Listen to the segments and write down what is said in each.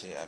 C'est à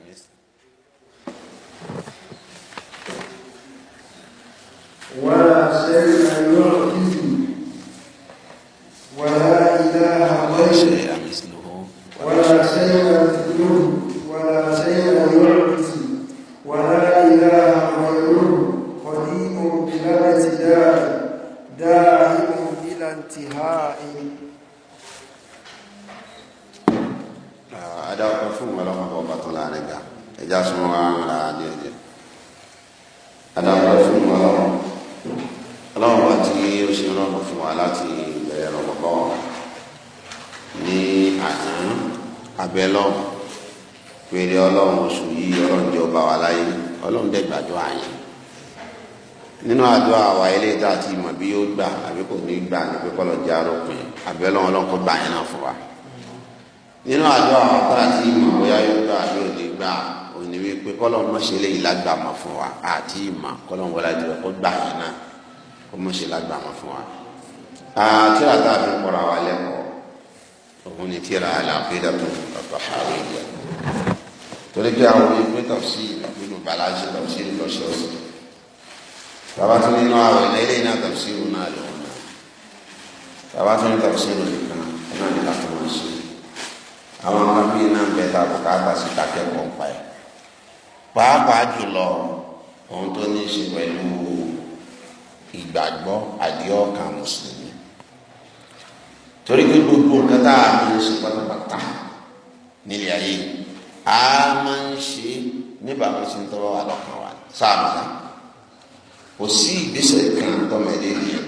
jùlọ kó gbà yẹn náà kó mọ̀ ṣe lágbà wọn fún wa. tíra tá a fi ń kọ́ra wa lẹ́kọ̀ọ́ òun ni tíra àlàáfíà tó ọ̀pọ̀ àárẹ̀ yẹ. torí pé àwọn ìpín tọ̀sí ìpinnu balanṣẹ́ tọ̀sí lọ́sọ̀ọ̀sẹ̀. bàbá tó nínú àwọn ilé iná tọ̀sí òun náà lọ́wọ́ bàbá tó ní tọ̀sí òun nìkan náà ní láti wọ́n ṣe. àwọn ọmọ bíi náà bẹ́ẹ̀ bùkátà sí takẹ́kọ̀ọ́ pa ẹ̀. pàápàá jùlọ ohun tó ní í ṣe pẹ̀lú ìgbàgbọ́ àdéhọ́kàn mùsùlùmí torí pé gbogbo nǹkan tá a máa ń ṣe pátápátá nílé ayé a máa ń ṣe níbàámu sí tọ́wọ́ wa lọ́kàn wa sáàmù náà kò sí ìgbésẹ̀ kan tọ́mọdé ènìyàn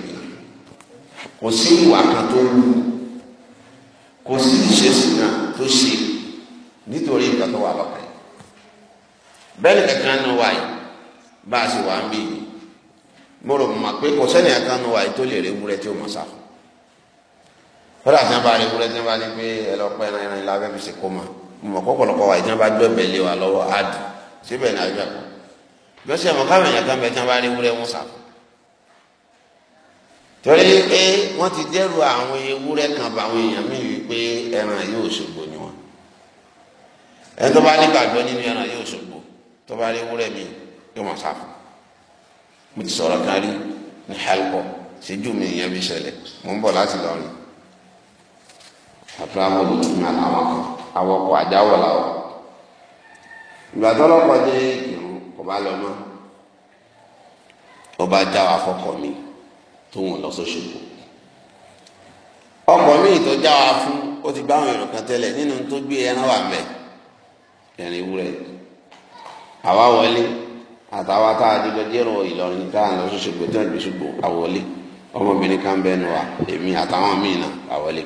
kò sí ìwà kan tó wù kò sí ìṣesí kan tó ṣe nítorí nǹkan tó wà lọ́kàn bẹ́ẹ̀ ni kankan náà wáyé. bá a sì wà ń bì mo rò mà pé kò sẹ́ni kan nu wa tó lè rí ewúrẹ́ tí ó mọ̀ sáfù fọlá tí wọn bá rí ewúrẹ́ tí wọn bá ní pé ẹran ẹran kó ma mọ̀ kọ́kọ́lọ́kọ́ wa ìjọba gbé ọbẹ̀ lé wa lọ́wọ́ adì síbẹ̀ ní káwọn kan bẹ tí wọn bá rí ewúrẹ́ wọn sáfù torí pé ti àwọn ewúrẹ́ kan bá àwọn èèyàn mí ẹran yóò ṣògbó ni wọn ẹni tó bá yóò máa sáfù mo ti sọ̀rọ̀ kan rí ní helpọ ṣíjú mi ìyẹn bí ṣẹlẹ̀ mo ń bọ̀ láti lọrin àbúrámọ ló ti máa láwọn kan awọkọ àjáwọ làwọ ìgbà tọlọpàá dé ìrù kò bá lọ mọ ó bá já wa fọkọ mi tó wọn lọ sóṣogbo ọkọ mi tó já wa fún ó ti gbá àwọn èrò kan tẹ́lẹ̀ nínú tó gbé ẹran wà mẹ ẹrin wúrẹ àwa wọlé àtàwọn tá a dìbò dérò ìlọrin tá a lọ sọsọ gbé tí wọn gbé ṣùgbọ́n àwọlé ọmọbìnrin kan bẹ nù wa èmi àtàwọn míì náà àwọlé.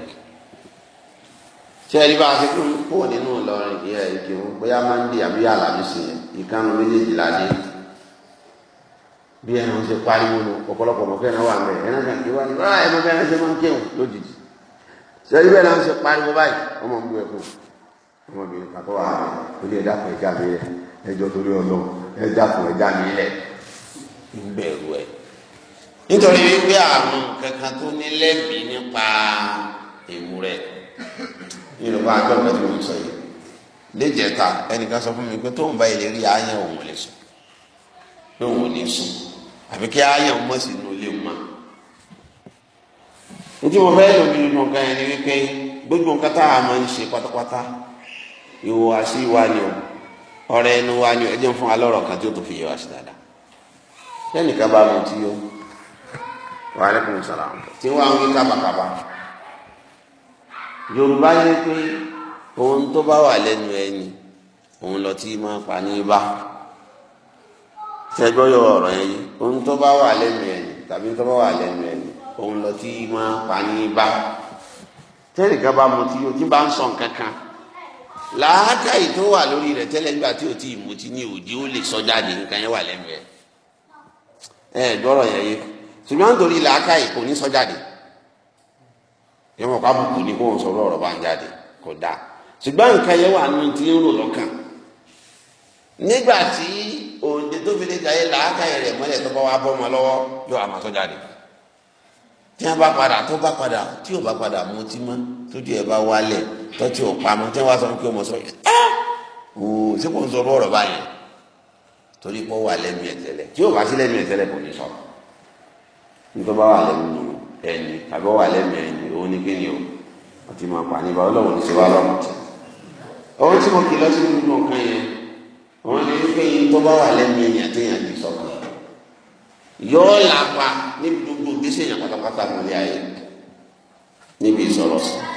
ṣé ẹni bá a ti kú kó nínú ìlọrin ìyá ìkè wọn bóyá máa ń di àbí àlàmísì yẹn ìkànnì méjèèjì ládé bí ẹni wọn ṣe pariwo lọ ọ̀pọ̀lọpọ̀ ọmọ kẹrin wà mẹ ẹni kan kí wọn ní ọlá ẹni ṣe máa ń kéwọn lójijì ṣé bẹ́ẹ̀ náà ṣe pariwo báyìí ọmọ mi wẹ̀ fún ọmọbìnrin kan wà á kó lè dákọ̀ ẹja mi rẹ ẹjọ́ torí ọlọ́run ẹja fún ẹja mi lẹ̀ ń bẹ̀rù ẹ̀ nítorí wípé àrùn kankan tó ní lẹ́bi nípa ewúrẹ́ yorùbá agbẹ́mọ̀ tí mo sọ yìí léjẹta ẹnìkan sọ fún mi pé tóun bá ilé rí ayán òun lè sùn lóun ò ní sùn àbí kí ayán mọ̀ sínú ilé mọ́ nítorí mo fẹ́ lómi nínú nǹkan yẹn ni wípé gbogbo nǹkan tá a máa ń ṣe pátápátá ìwọ àṣìwá ni o ọ̀rẹ́ ẹnu wa ni ẹjẹ ń fún wa lọ́rọ̀ kan tí ó tó fi yé wa sí dáadáa lẹ́nìkan bá mu tí yó wa alaikum salaam tí wọ́n á wí kábàkábà yorùbá yẹ pé ohun tó bá wà lẹ́nu ẹni òun lọ tí máa pa ní bá tẹgbọ́ yọ ọ̀rọ̀ yẹn ohun tó bá wà lẹ́nu ẹni tàbí tó bá wà lẹ́nu ẹni òun lọ tí máa pa ní bá tẹ́nìkan bá mu tí yó tí bá ń sọ nǹkan kan làákàyè tó wà lórí rẹ̀ tẹ́lẹ̀ nígbà tí o ti mú ti ní òdi ó lè sọ jáde nǹkan yẹn wà lẹ́nu ẹ̀ ẹ gbọ́rọ̀ yẹn yé ṣùgbọ́n nítorí làákàyè kò ní sọ jáde yẹn wọn kọ́ àbùkù Ni kó wọn sọ ọ̀rọ̀ bá ń jáde kò dáa ṣùgbọ́n nǹkan yẹn wà nínú tí ń rò lọ́kàn nígbà tí òǹdè tó fi lè jayé làákàyè rẹ̀ mọ́lẹ̀ tó bá wà bọ́ ọmọ lọ́wọ́ yóò àmọ́ sọ jáde tí wọ́n bá padà tó bá padà tí yóò bá padà mutí mọ́ tójú ẹ bá wálẹ̀ tọ́tí ò pamọ́ tí wọ́n á sọ pé ọmọ sọ yìí ẹ́ ooo ṣé kò ń sọ ọ̀rọ̀ báyìí torí pé ó wà lẹ́nu ẹ̀ tẹ́lẹ̀ tí yóò bá sí lẹ́nu ẹ̀ tẹ́lẹ̀ kò ní sọ nítorí bá wà lẹ́nu ẹni tàbí ó wà lẹ́nu ẹni ó ní kí ni o wọ́n ti máa pa nípa ọlọ́run ní síwá lọ́rùn tì ọwọ́ tí mo kì lọ sí nínú nǹkan yẹn wọ́n ní pé tó bá wà lẹ́nu ẹni àtẹ̀yàn ti sọ kan yóò làpá níbi gbogbo gbèsè yẹn pátápátá nílé ayé níbi ìsọ̀rọ̀ sọ̀rọ̀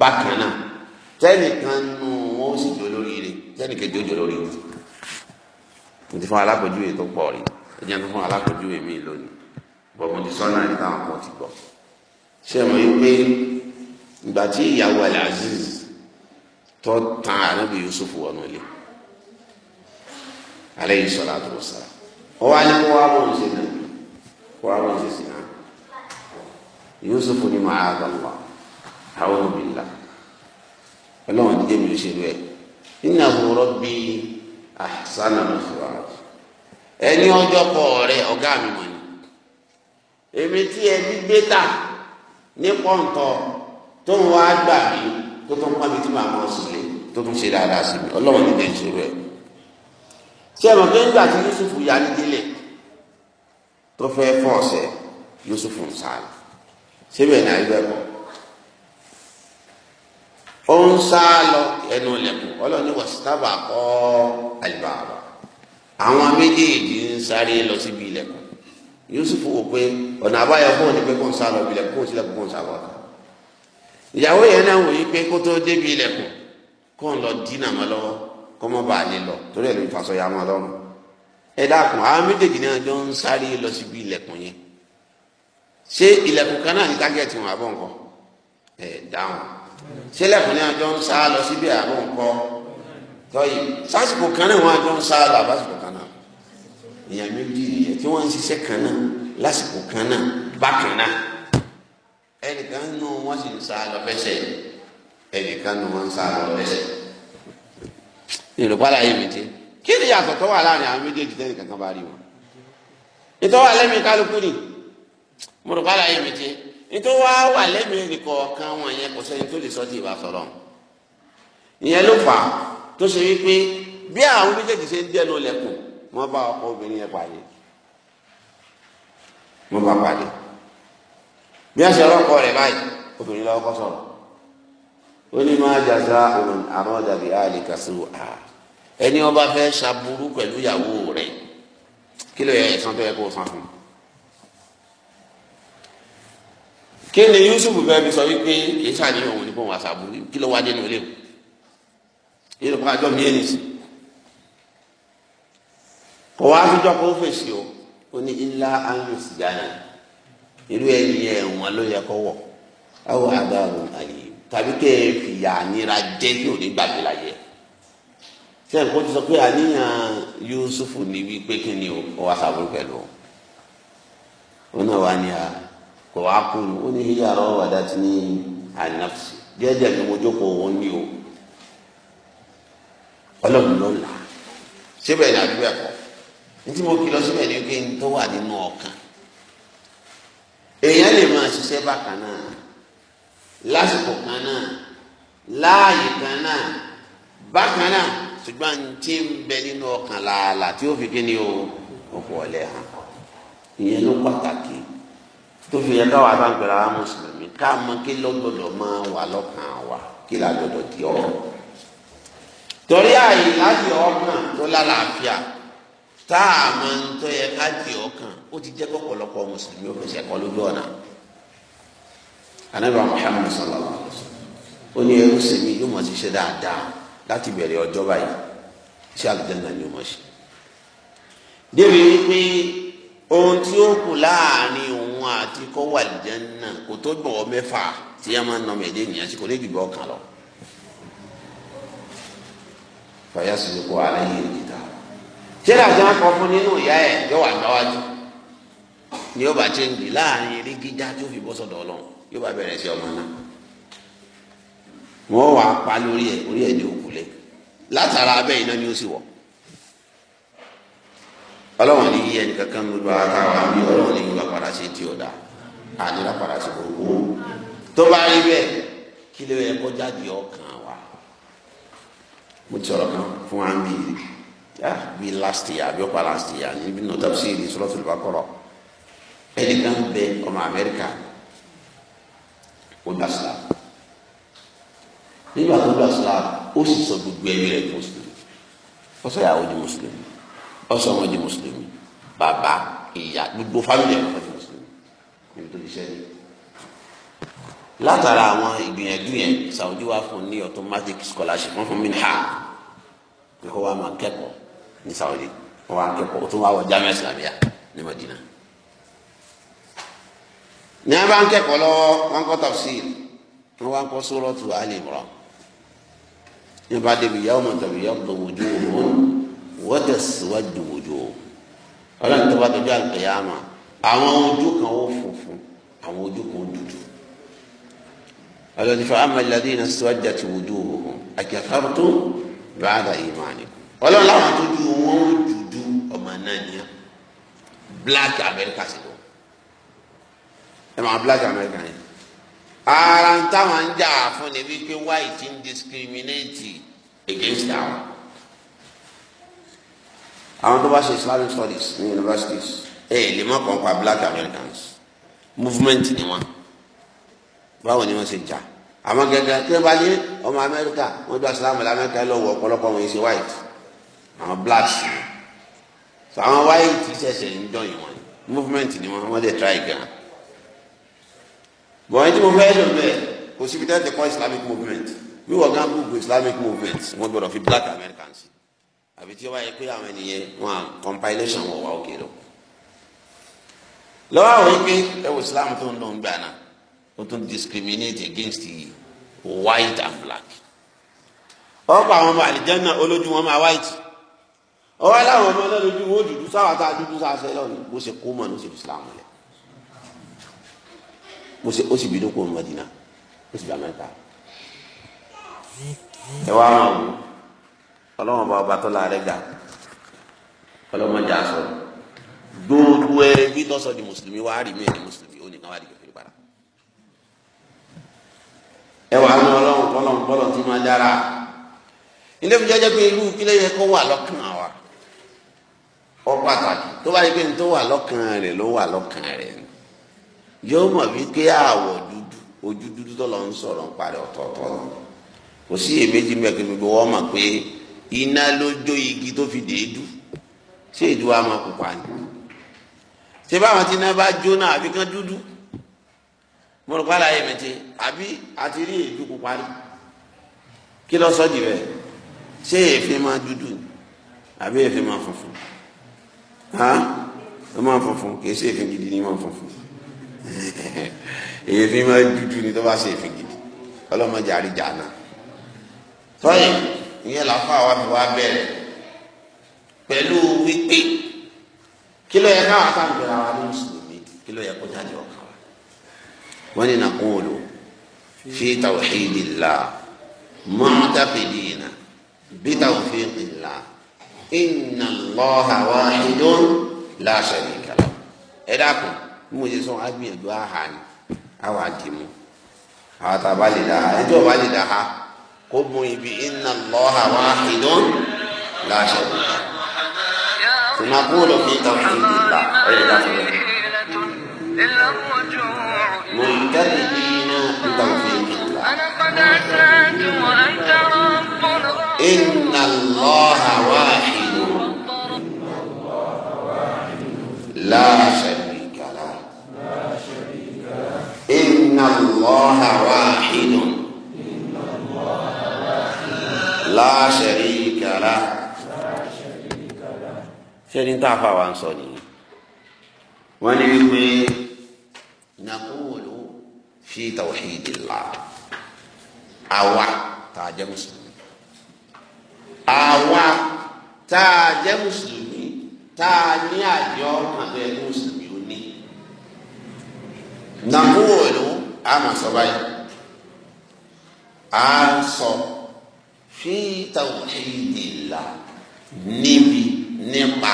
bákan náà tẹ́nìkan nù wọn ó sì jọ lórí rẹ̀ tẹ́nìkejì ó jọ lórí rẹ̀ mo ti fún alákòjúwe tó pọ̀ rí ẹ jẹ́ fún alákòjúwe mi lónìí bọ̀ mo ti sọ́nà ní táwọn kan ti gbọ́ ṣé mo yí pé ìgbà tí ìyàwó Al-Aziz tó tan ànábì Yusuf wọnú ilé aleyhi sọlá tó sá ọ wá ní kó wá mọ̀ ní ṣe náà kó wá mọ̀ ní sí náà Yusuf ni màá gbà wá àwọn òbílà ọlọ́run ti jẹ́mi òṣèlú ẹ̀ nínú àbúrò bí àṣánà lọ́sọ̀rọ̀ ẹni ọjọ́ kọ ọ̀rẹ́ ọ̀gá mi mọ̀ ni èmi tí ẹbí gbé tà ní pọ́ǹtọ̀ tó ń wá gbà mí tó tún pọ́n mi tí màá mọ̀ sí lé tó tún ṣe dáadáa sí mi ọlọ́run ti jẹ́mi òṣèlú ẹ̀ ṣé ẹ mọ̀ pé nígbà tí Yusuf yá ní délẹ̀ tó fẹ́ fọ́ ọ̀sẹ̀ Yusuf ń sáré ṣé bẹ́ẹ̀ ni àyè ó ń sá lọ ẹnu lẹ̀kùn ọlọ́ni wọ̀ sítábà kọ́ àlùbáàbà àwọn méjèèjì ń sáré lọ síbi ilẹ̀kùn Yusuf wò pé ọ̀nà àbáyọ fún òní pé kò ń sá lọ ibi ilẹ̀kùn kò ń sílẹ̀kùn kò ń sá bọ̀ ọ̀kan ìyàwó yẹn náà wòye pé kó tó débi ilẹ̀kùn kó ń lọ dínà mọ́ lọ́wọ́ kó mọ́ bàa lè lọ torí ẹ̀ ló ń fasọ̀yà mọ́ lọ́rùn ẹ dákun àwọn méjèèjì náà jọ ń sáré lọ síbi ilẹ̀kùn yẹn sílẹ̀kùn ní àjọ ń sá lọ síbi àbò ńkọ́ tọ́yì sásìkò kan náà wọn àjọ ń sá lọ àbásìkò kan náà èèyàn méjì nìyẹn tí wọ́n ń ṣiṣẹ́ kan náà lásìkò kan náà bákan náà ẹnìkan nù wọ́n sì ń sá lọ fẹsẹ̀ ẹnìkan nù wọ́n ń sá lọ fẹsẹ̀ ìrùpàlà yìí mi ti kí ni yàtọ̀ tó wà láàrin àwọn méjèèjì tẹ́nì kankan bá rí wọn ìtọ́wà lẹ́mìí kálukú ni mo rò mi ti nítorí wàá wà lẹ́mìí ẹnìkan ọ̀kan wọn yẹn kò sẹ́ni tó lè sọ tí ì bá sọ̀rọ̀ ìyẹn ló fà á tó ṣe wípé bí àwọn méjèèjì ṣe ń dẹnu lẹ́kùn wọ́n bá ọkọ obìnrin yẹn pàdé wọ́n bá pàdé bí wọ́n ṣe rọ́kọ rẹ̀ báyìí obìnrin lọ́wọ́ kọ́ sọ̀rọ̀ ó ní máa jàdá òun àmọ́ dàbí àlìkà sí wa ẹni wọ́n bá fẹ́ ṣàbùrú pẹ̀lú ìyàwó rẹ̀ kí ló yẹ ẹ̀san tó yẹ kó san fún un. kí Yusuf fẹ́ fi sọ wípé kìí sàníyàn òun ni bọ́n wà sàbù kí ló wá dénú ilé o yìí ló kọ́ àjọ mi ẹni sí kò wá fíjọ́ kó fèsì o ó ní ilá angus ghana irú ẹni ẹ̀wọ̀n ló yẹ kó wọ̀ àwọn àdáhùn àyè tàbí kẹ́ ẹ fìyà nira jẹ́ ní òní gbàgbé láyé ṣé nǹkan ti sọ pé àníyàn Yusuf ni wípé kí ni o wà sàbù pẹ̀lú o ó náà wà ní a. Ah, kò wá kúrú ó ní híyà rọ wàdà tí ní ànáfsì díẹ̀díẹ̀ ni mo jókòó wọn ní o ọlọ́run ló là síbẹ̀ ní àdúgbò ẹ̀kọ́ ní tí mo kí lọ síbẹ̀ ní kí n tó wà nínú ọkàn èèyàn lè máa ṣiṣẹ́ bákan náà lásìkò kan náà láàyè kan náà bákan náà ṣùgbọ́n tí ń bẹ nínú ọkàn làálàá tí ó fi kí ni o òkú ọ̀lẹ́ hàn ìyẹn ló pàtàkì tó fi yẹ káwa bá ń pẹ̀lú àwọn mùsùlùmí ká mọ kí lọ́gbọ̀dọ̀ máa wà lọ́kàn wa kí la gbọdọ̀ di ọ̀rọ̀ torí àyè láti ọkàn tó lálàáfíà tá a máa ń tọ́ yẹ ká di ọkàn ó ti jẹ́ kọ́pọ̀lọpọ̀ mùsùlùmí ó fi ṣẹ̀kọ́ lójú ọ̀nà anabi muhammed sallallahu wa ó ní ẹrú sèmi yóò máa ṣiṣẹ́ dáadáa láti bẹ̀rẹ̀ ọjọ́ báyìí iṣẹ́ àlùjànnà ni ó máa ṣe débi wípé ohun tí ó kù láàrin òun òun àti kọ́ wà lìjánná kò tó gbọ̀wọ́ mẹ́fà tí a máa ń nọmọ ẹ̀dẹ́ ènìyàn sí kò ní jùlọ kan lọ. fàyà sọ̀rọ̀ kó alẹ́ yìí nìta. ṣé làjọ akọ fún nínú ìyá ẹ̀ yóò wà gbáwájú ni yóò bá ṣe ń bì láàrin eré gíga tó fi bọ́ sọ̀dọ̀ ọlọ́run yóò bá bẹ̀rẹ̀ sí ọmọ náà. wọ́n wàá pa lórí ẹ̀ orí ẹ̀ ní òkúlẹ̀ látara abẹ́ iná ni ó sì wọ̀ ọlọ́run ní yí ẹnì kankan gbogbo ara wa bí ọlọ́run ní yorùbá padà ṣe ti ọ̀dà àdìrà padà ṣe gbogbo tó bá rí bẹ́ẹ̀ kí ló yẹ kó jáde ọkàn wa mo ti sọ̀rọ̀ kan fún wa bí ah, bí last year bí ọ̀pá last year níbi nù tàbí sí ìdí sọ́lọ́tò ló bá kọ̀rọ̀ ẹnì kan bẹ ọmọ amẹ́ríkà ó dá sílá nígbà tó dá ó sì sọ gbogbo ẹbí rẹ̀ mùsùlùmí ó sọ ìyàwó di mùsùlùmí ọsàn wọn di mùsùlùmí bàbá ìyá gbogbo fámìlì ẹ̀ wọn di mùsùlùmí níbi tó ti ṣẹlẹ̀ látara àwọn ìgbìyànjú yẹn Saudi wa fún ní automatic scholarship wọn fún minha kó wa máa kẹ́kọ̀ọ́ ní Saudi wọn wá kẹ́kọ̀ọ́ tó wá wọ jamiu islamiyah ní Madina ní a bá ń kẹ́kọ̀ọ́ lọ́wọ́ wọn kọ́ tafsir wọn wá ń kọ́ suratu Ali Imran ní a bá débi yawma tabyaddu wujuhun wọ́dẹ̀ síwájú òjò ọlọ́run tó bá dojú àlùkìyàmà àwọn ojú kan ó funfun àwọn ojú kan ó dúdú ọlọ́run fa amma alladhina iswajjat wujuhuhum akafartum ba'da imanikum ọlọ́run láwọn tó ju wọn ó dúdú ọmọ náà nìyà black America sì lọ ẹ máa black America yẹn ara ń táwọn ń jà fún ni wípé white ń against àwọn àwọn tó bá ṣe islamic studies ní universities ẹ ẹ lè mọ kàn pa black americans movement ni wọn báwo ni wọn ṣe jà àmọ́ gẹ́gẹ́ tí wọn bá ní ọmọ amẹ́ríkà wọn gba islamu lamẹ́ríkà lọ́wọ́ ọ̀pọ̀lọpọ̀ wọn ṣe white àwọn blacks ni so àwọn white ṣẹ̀ṣẹ̀ ń jọyìn wọn movement ni wọn wọn lè try gan bọ̀ ẹni tí mo fẹ́ lò bẹ́ẹ̀ kò síbi tẹ́tẹ̀ kọ́ islamic movement wíwọ̀ gán gbogbo islamic movement wọn gbọdọ̀ fi black americans àbí tí ó bá yẹ pé àwọn ènìyàn wọn à compilation wọn wà òkè lọ. lọ́wọ́ àwọn yìí ẹwọ islam tó ń lò ń gbà náà ó tún discriminate against the white and black. ọ̀pọ̀ àwọn ọmọ àlìjẹ́nà olójú wọn máa white ọwọ́ aláwọ̀ ọmọ ọlọ́dún wọn ò dúdú sáwà tá a dúdú sáà sẹ́ lọ́wọ́ bó ṣe kó mọ̀ ní oṣù islam lẹ̀ bó ṣe ó sì bínú kó mọ̀ dínà ó sì bá mẹ́ta ẹ wá máa wò ó. ọlọ́wọ́n bá ọba tó la rẹ̀ ga ọlọ́wọ́n jà sọ gbogbo di mùsùlùmí wàá rí mi ẹni mùsùlùmí ó di ẹ wàá ní ọlọ́wọ́n tí dára ilé jẹ́jẹ́ pé irú kílẹ̀ yẹ kó wà lọ́kàn wa ọ pàtàkì tó bá yẹ pé n tó wà lọ́kàn rẹ̀ ló wà lọ́kàn rẹ̀ yóò mọ̀ àwọ̀ dúdú ojú dúdú tó lọ ń sọ̀rọ̀ ń parí ọ̀tọ̀ọ̀tọ̀ kò sí èméjì mẹ́kẹ́ iná ló jó igi tó fi dèédú ṣé èdè wa máa kópa ni ṣé báwọn tí iná bá jóná àbí kan dúdú mo rò pàlà yẹn mẹtẹ àbí àti rí èdè kópa ni kí lọ sọ jìbẹ ṣé èéfín máa dúdú àbí èéfín máa funfun hàn ó máa funfun kì í ṣe èéfín gidi ni máa funfun èéfín máa dúdú ni tó bá ṣe èéfín gidi ọlọ́mọdé àríjà náà tọ́yìn ìyẹn làáfà wa fi wá bẹ̀rẹ̀ pẹ̀lú wípé kí ló yẹ káwọn akáǹgbèrè àwọn ní mùsùlùmí kí ló yẹ kó jáde ọkàn wa. wọ́n ní nàkúlù fi tawhidillah mu'taqidina bi tawfiqillah inna Allaha wahidun la sharika lahu. ẹ dákun bí mo ṣe sọ agbìyànjú àhà àwọn àdìmú àwọn àtàbálẹ̀ dàá ẹjọ́ bá lè dàá. قم بإن الله واحد لا شريك له فنقول في توحيد الله وإلا إيه منكرين بتوحيد الله إن الله واحد لا شريك له إن الله واحد la sharika lah ṣẹ́ni tá a fà wá ń sọ nìyí wọ́n ní wípé nàkúwòló fi tawhidillah àwa tá a jẹ́ mùsùlùmí àwa tá a jẹ́ mùsùlùmí tá ní àjọ àbẹ̀ mùsùlùmí ó ní nàkúwòló àmọ̀ sọ báyìí à ń sọ fi tawhidillah níbi nípa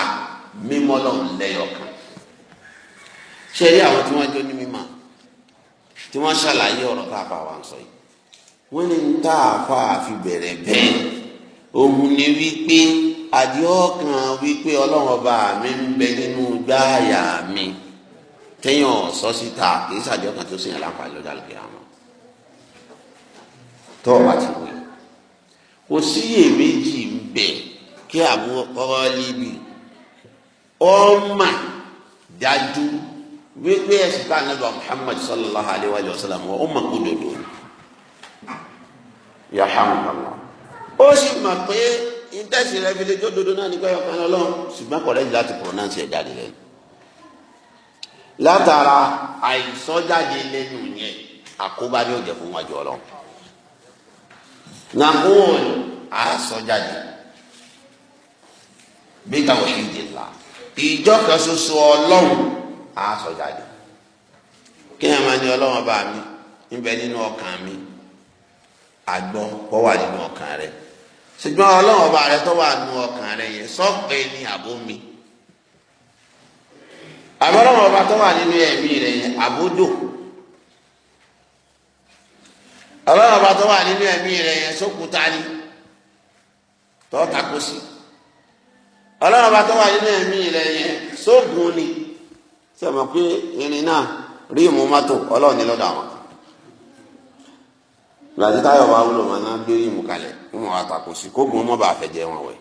mímọ́ lọ́hùn lẹ́yọ̀kan ṣe rí àwọn tí wọ́n jó ní mímọ́ tí wọ́n ṣàlàyé ọ̀rọ̀ tá a fà wá ń sọ yìí wọ́n ní tá a fà á fi bẹ̀rẹ̀ bẹ́ẹ̀ òun ni wípé àdìọ́kàn wípé ọlọ́run ọba mi ń bẹ nínú gbáàyà mi téèyàn sọ síta kì í ṣàdìọ́kàn tó ṣèyàn láǹfààní lọ́jà lókè àmọ́ tó o bá ti wí. kò síyèméjì ji mbe ke Abu Talibi ọmọ daju wípé ẹsùn ká anábà Muhammad sallallahu alaihi wa sallam ọ mọ kó dodo yahamukallah ó sì mọ pé ìtẹ̀sí rẹ fi lè jó dodo náà nípa ẹ̀yọ̀kan ọlọ́run ṣùgbọ́n kọ̀ọ̀rẹ́ láti pronounce ẹ̀ jáde lẹ́nu látara àìsọ́jáde lẹ́nu yẹn àkóbá ni ó jẹ fún wájú nàkún àásọ bí tawhidillah ìjọ kan ṣoṣo kí ẹ máa ní ọlọ́run bá mi nínú ọkàn mi àgbọn kọ́ nínú ọkàn rẹ ṣùgbọ́n ọlọ́run ọba rẹ tó wà nínú ọkàn rẹ yẹn sọ́pẹ́ ọlọ́run ọba tó wà nínú ẹ̀mí rẹ̀ yẹn sókúta ni tó tako sí ọlọ́run ọba tó wà nínú ẹ̀mí rẹ̀ yẹn sógun ni sọ̀rọ̀ pé irin náà rí ìmú mọ́tò ọlọ́run ní lọ́dọ̀ àwọn gbàdí táyọ̀ bá wúlò wọn náà gbé ìmú kalẹ̀ kí wọn àtàkùn sí kógun mọ́ bá fẹ́ wọn wẹ̀.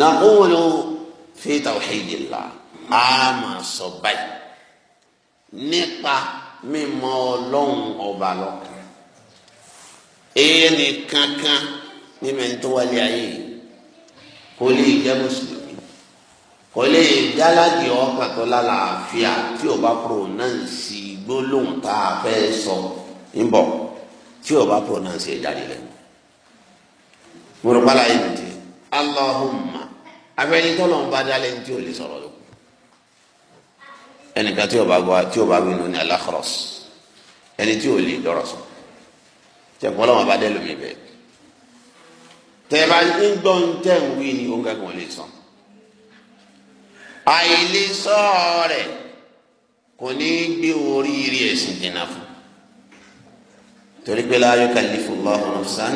nàkúwòlò fi tawhidillah a máa sọ báyìí nípa mímọ̀ ọlọ́run ọba lọ èyí ni kankan níbi ẹni tó wálé ayé kò lè jẹ́ mùsùlùmí kò lè dáládì ọkàn tó lálàáfíà tí o bá pronounce gbólóhùn tá a fẹ́ sọ níbọ̀ tí o bá pronounce ẹ̀ jáde lẹ́nu mọ̀rọ̀pálá yìí nìyẹn Allahumma afẹ́ni tọ́lọ́mùbá dálé ní tí o lè sọ̀rọ̀ lọ ẹnìkan tí ọba bọ tí ọba wínú ní aláxọrọs ẹni tí ò lè dọrọ sọ tẹkùn ọlọmọ bá dẹlù mi bẹ́ẹ̀ tẹbà ní gbọ́ ń tẹ̀ ń wí ni òun kankan lè sọ àìlèsọ rẹ kò ní gbé oríire ẹ̀sìn dènà fún torí pé la yukallifu Allahu nafsan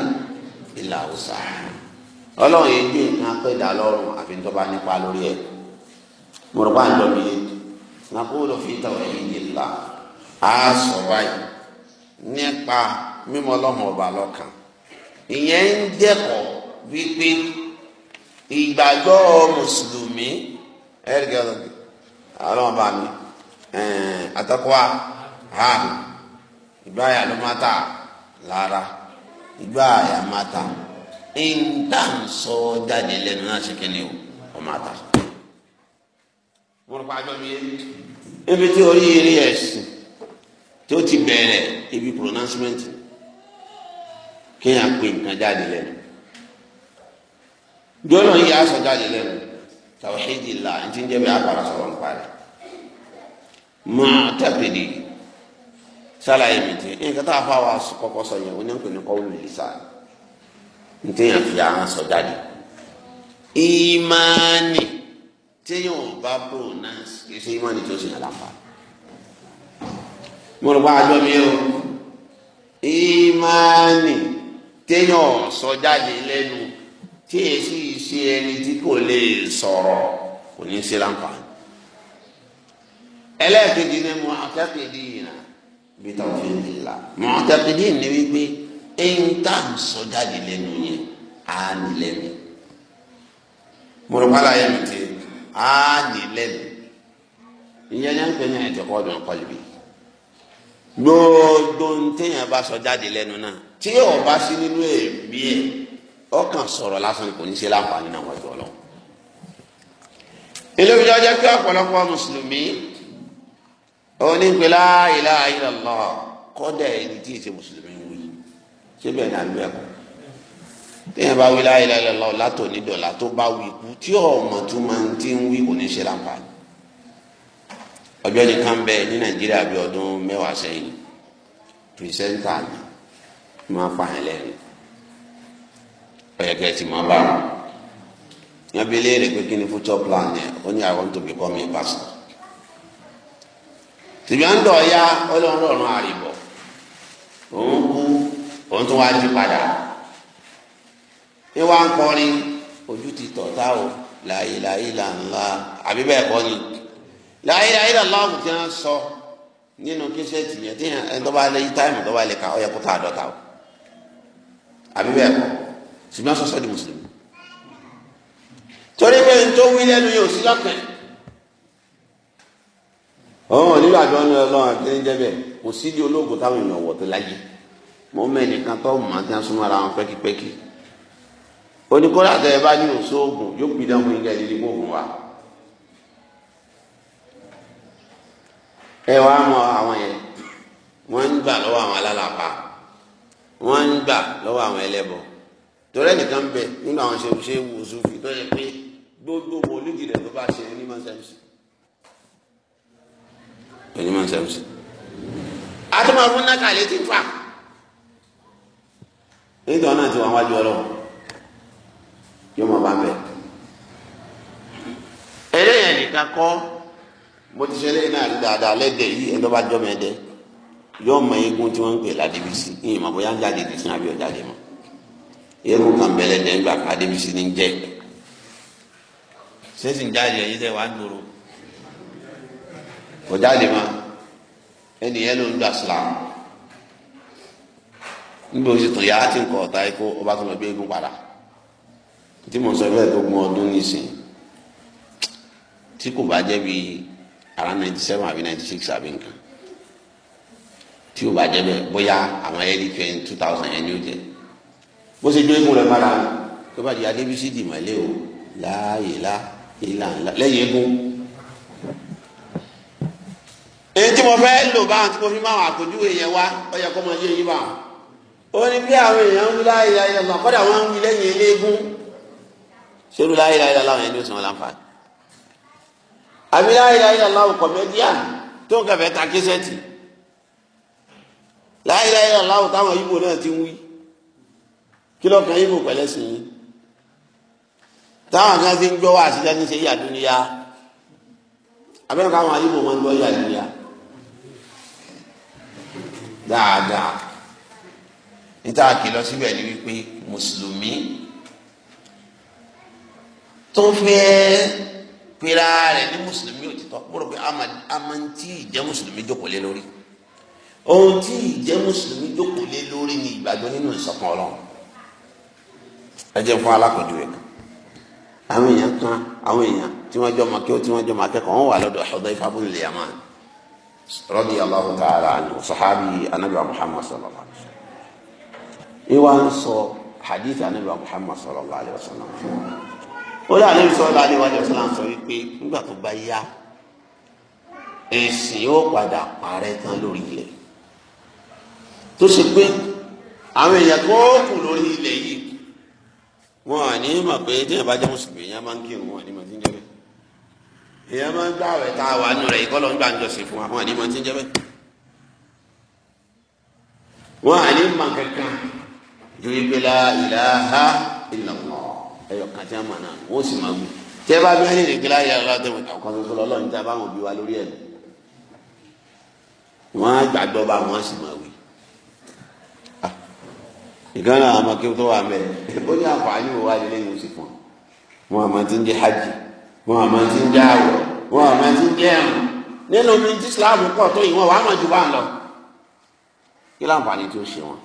illa wus'aha ọlọ́run yìí gbé nǹkan pẹ́ lọ́rùn àfi tó bá nípa lórí ẹ̀ mo rò pa àjọ mi yé nàkúrò fi tawhidillah á sọ báyìí nípa mímọ ọlọ́mọ ọba lọ́kàn ìyẹn ń dẹ́kọ̀ wípé ìgbàgbọ́ mùsùlùmí ẹ̀rìgẹ́ ọlọ́mọba mi àtọ́kọ́wá ha ìgbáyà ló má ta lára ìgbáyà má ta ìta ń sọ jáde lẹ́nu náà ṣe kí ni o má ta. mo rò pé mi yé ibi tí oríire ẹ̀sìn tó ti bẹ̀rẹ̀ ibi pronouncement kéèyàn pè nǹkan jáde lẹ́nu jọ́nà yìí aṣọ jáde lẹ́nu tàwíìdì là ń ti ń jẹ́ bí apara sọ̀rọ̀ ń parẹ́ máa tẹ̀pẹ̀lì sálàyé mi ti nǹkan tá a fà wá kọ́kọ́ sọ yẹn wọ́n ní pè ní kọ́wé lìsà ní téèyàn fi àwọn jáde ìmáàní téèyàn ò bá pronounce kì í ṣe ìmọ̀ ní tó ṣe àlàfà. mo rò pé àjọ mi o ìmánì téèyàn ò sọ jáde lẹ́nu tí èsì ṣe ẹni tí kò lè sọ̀rọ̀ kò ní ṣe láǹfààní. ẹlẹ́ẹ̀kejì ni mo àtẹ́kẹ̀dì yìí bí táwọn fi ń di la mo àtẹ́kẹ̀dì ni wípé ẹ̀yin tá à ń sọ jáde lẹ́nu yẹn á nílẹ̀ mi. mo rò pé àlàyé mi ti á ní lẹ́nu ìyẹn ní à ń pè ní ẹ̀tẹ̀kọ́ dùn kọlùbí gbogbo ntẹ̀yìn bá sọ jáde lẹ́nu náà tí ò bá sí nínú èmi ẹ̀ ọkàn sọ̀rọ̀ lásán kò ní í ṣe láǹfààní náà wọ́n jọ lọ. ilé ìjọ jẹ́ pé ọ̀pọ̀lọpọ̀ mùsùlùmí onígbèlá ilaha illallah kọ́dà ẹni tí ì ṣe mùsùlùmí wí ṣé bẹ́ẹ̀ ni àlú ẹ̀kọ́ téèyàn bá wí la ilaha látò nídọ̀là tó bá wí kú tí ọmọ tó máa ń ti ń wí kò ní ṣe láǹfààní ọjọ́ nìkan bẹ ní nàìjíríà bí ọdún mẹ́wàá sẹ́yìn pìrìsẹ́ńtà mi máa fa hàn lẹ́nu ọ̀yẹ̀kẹ́ ti máa bá wọn yẹn bí léèrè pé kí ni future plan yẹn ó ní I want to become a pastor tìbí àńdọ̀ ọ̀ya ọlọ́run ọ̀run òun kú òun tún wá jí padà ìwà ń kọrin ojú ti tọ̀tà o láyéláyé là ń la àbí bẹ́ẹ̀ kọ́ ni láyéláyé là ń la ọ̀gùn tí wọ́n sọ nínú kíṣẹ́ẹ̀tì yẹn tí ẹni tó bá lé táìmù tó bá lè ka ọ kó tá dọ́ta o àbí bẹ́ẹ̀ kọ́ ṣùgbọ́n sọ́sọ́ di mùsùlùmí torí pé n tó wí lẹ́nu yóò sí lọ́kàn ọ̀hún nígbà tó ń lọ lọ́wọ́ akéde jẹ́ bẹ́ẹ̀ kò sí di olóògùn táwọn èèyàn wọ̀ tó láyé mọ́ mẹ́nìkan tó mọ̀ á ti ń súnmọ́ ara wọn pẹ́kipẹ́ki oníkóró àtẹ̀yẹ bá ní òṣó oògùn yóò gbin dáhùn ilé ẹ̀ nílé oògùn wa. ẹ wàá mọ àwọn yẹn wọ́n ń gbà lọ́wọ́ àwọn alálàpá wọ́n ń gbà lọ́wọ́ àwọn ẹlẹ́bọ torí ẹnìkan ń bẹ nínú àwọn ṣe ṣe wù sùfì tó yẹ pé gbogbo mọ̀lúdì rẹ̀ tó bá ṣe ní mọ́sẹ̀mùsì. ní mọ́sẹ̀mùsì. a fún nákàlẹ́ tí ń fà. nítorí náà ti wà wájú ọlọ́run. yóò máa bá ń bẹ. eléyìí nìkan kọ́ mo ti ṣe eléyìí náà rí dáadáa lẹ́dẹ̀ yìí ẹ̀ lọ́ba jọ́ mẹ́dẹ́ yóò mọ eégún tí wọ́n ń pè ládébísí ìyìn mọ̀ bóyá ń jáde dì sí àbí ọ̀jáde mọ̀ eégún kan bẹ̀rẹ̀ dẹ̀ ní jẹ́ sẹ́sìn jáde ẹ̀yìn wá ń ọ̀jáde ló ń yá ti ń kọ̀ ọ̀tá ikú ọba tó lọ gbé eégún padà. tí mo sọ bẹ́ẹ̀ tó gbọ́n ọdún nísìn tí kò bá jẹ́ bíi around ninety seven àbí ninety six àbí nǹkan tí o bá jẹ bẹ bóyá àwọn e ẹni fẹ two thousand ẹni ó jẹ bó ṣe jó egun rẹ padà tó bá di adébísí dì mọ́lẹ́ o láàyè lá ìlà ńlá lẹ́yìn egun. èyí tí mo fẹ́ lò báwọn tí mo fi máa àpèjúwe yẹn wá ó yẹ kó máa yé yín báwọn. ó ní bí àwọn èèyàn ń wí láàyè ayẹyẹ lọ kọ́dà wọ́n ń wí lẹ́yìn eléégún ṣerú láyé láyé láwọn ẹni ó sì wọn láǹfààní àbí láyé láyé láwọn kọmẹdíà tó ń kẹfẹ ta kẹsẹtì láyé láyé láwọn táwọn ibo náà ti ń wí kí lọkàn ibo pẹ̀lẹ́ sí i táwọn kan ti ń gbọ́ wá àṣìṣe ní ṣe yàdúnyà abẹ́rẹ́ káwọn ibo wọn ń gbọ́ yàdúnyà dáadáa níta kìlọ̀ síbẹ̀ ni wípé mùsùlùmí tó fẹ́ pera rẹ̀ ní mùsùlùmí òtítọ́ mo rò pé a máa ń tí ìjẹ́ mùsùlùmí jókòó lé lórí ohun tí ìjẹ́ mùsùlùmí jókòó lé lórí ni ìgbàgbọ́ nínú ìṣọ̀kan ọlọ́run ẹ jẹ́ fún alákòjú rẹ̀ àwọn èèyàn kan àwọn èèyàn tí wọ́n jọ màkẹ́ tí wọ́n jọ màkẹ́ kan wọ́n wà lọ́dọ̀ Hudhayfa ibn al-Yaman radiyallahu ta'ala anhu sahabi anabi muhammad sallallahu alaihi ìwà ń sọ hadith anabi muhammad sallallahu alaihi wasallam fún wa ó dà níbi sọ́dọ̀ aléwájú ọ̀sán sọ wípé nígbà tó bá yá èsì yóò padà parẹ́ tán lórí ilẹ̀ tó ṣe pé àwọn èèyàn tó kù lórí ilẹ̀ yìí wọn à ní mọ̀ pé tí èèyàn bá jẹ́ mùsùlùmí èèyàn máa ń kírun wọn à ní mọ̀ tí ń jẹ́ bẹ́ẹ̀ èèyàn máa ń gbà wẹ̀ tá a wà nù rẹ̀ ìkọ́lọ́ ń gbà ń jọ̀sìn fún wa wọn à ní mọ̀ tí ń jẹ́ bẹ́ẹ̀ wọn à ní mọ̀ kankan ju ìpìlẹ̀ ilaha illallah ẹyọ kan tí wọn mọ náà wọn sì máa wù tẹ bá bí wọn lè gbé láyé ọlọ́run tẹ wọn kan tuntun lọ lọ́run tí a bá wọn bí wa lórí ẹ lọ wọn á gbàgbọ́ bá wọn sì máa wù ìkan náà àmọ́ kí tó wà mẹ ó ní àǹfààní wo wá lélẹyìn oṣù fún wọn àmọ́ ti ń jẹ hajj wọn àmọ́ ti ń jẹ àwọ wọn àmọ́ ti ń jẹ ẹrù nínú bí tí islam pọ̀ tó yìí wọn wàá mọ̀ ju bá lọ kí láǹfààní tí ṣe wọn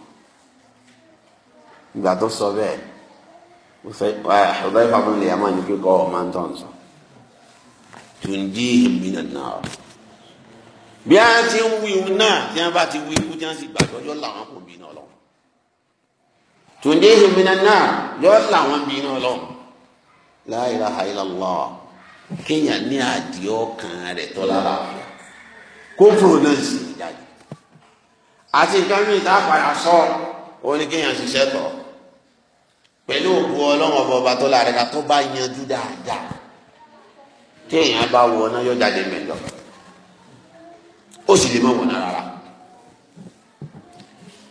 ìgbà tó sọ bẹ́ẹ̀ Eh, Hudhaifa bin Yamani kíkọ́ ọmọ tó ń sọ tundihim minan nar bí a ti ń wí ihu náà tí wọn bá ti wí ikú tí wọn sì gbàgbọ́ yọ làwọn kò bí náà lọ tundihim minan nar yọ làwọn bí náà lọ la ilaha illallah kéèyàn ní àdìẹ ọkàn rẹ̀ tọ́lá láàfin kó fúrò náà sì jáde àti nǹkan mìíràn tá a padà sọ ọ ní kéèyàn ṣiṣẹ́ tọ̀ ọ́ pẹ̀lú òkú ọlọ́wọ́n ọba ọba tó láàrin ká tó bá yanjú dáadáa tí èèyàn bá wọ náà yóò jáde mẹ́jọ ó sì lè má wọ̀ náà rárá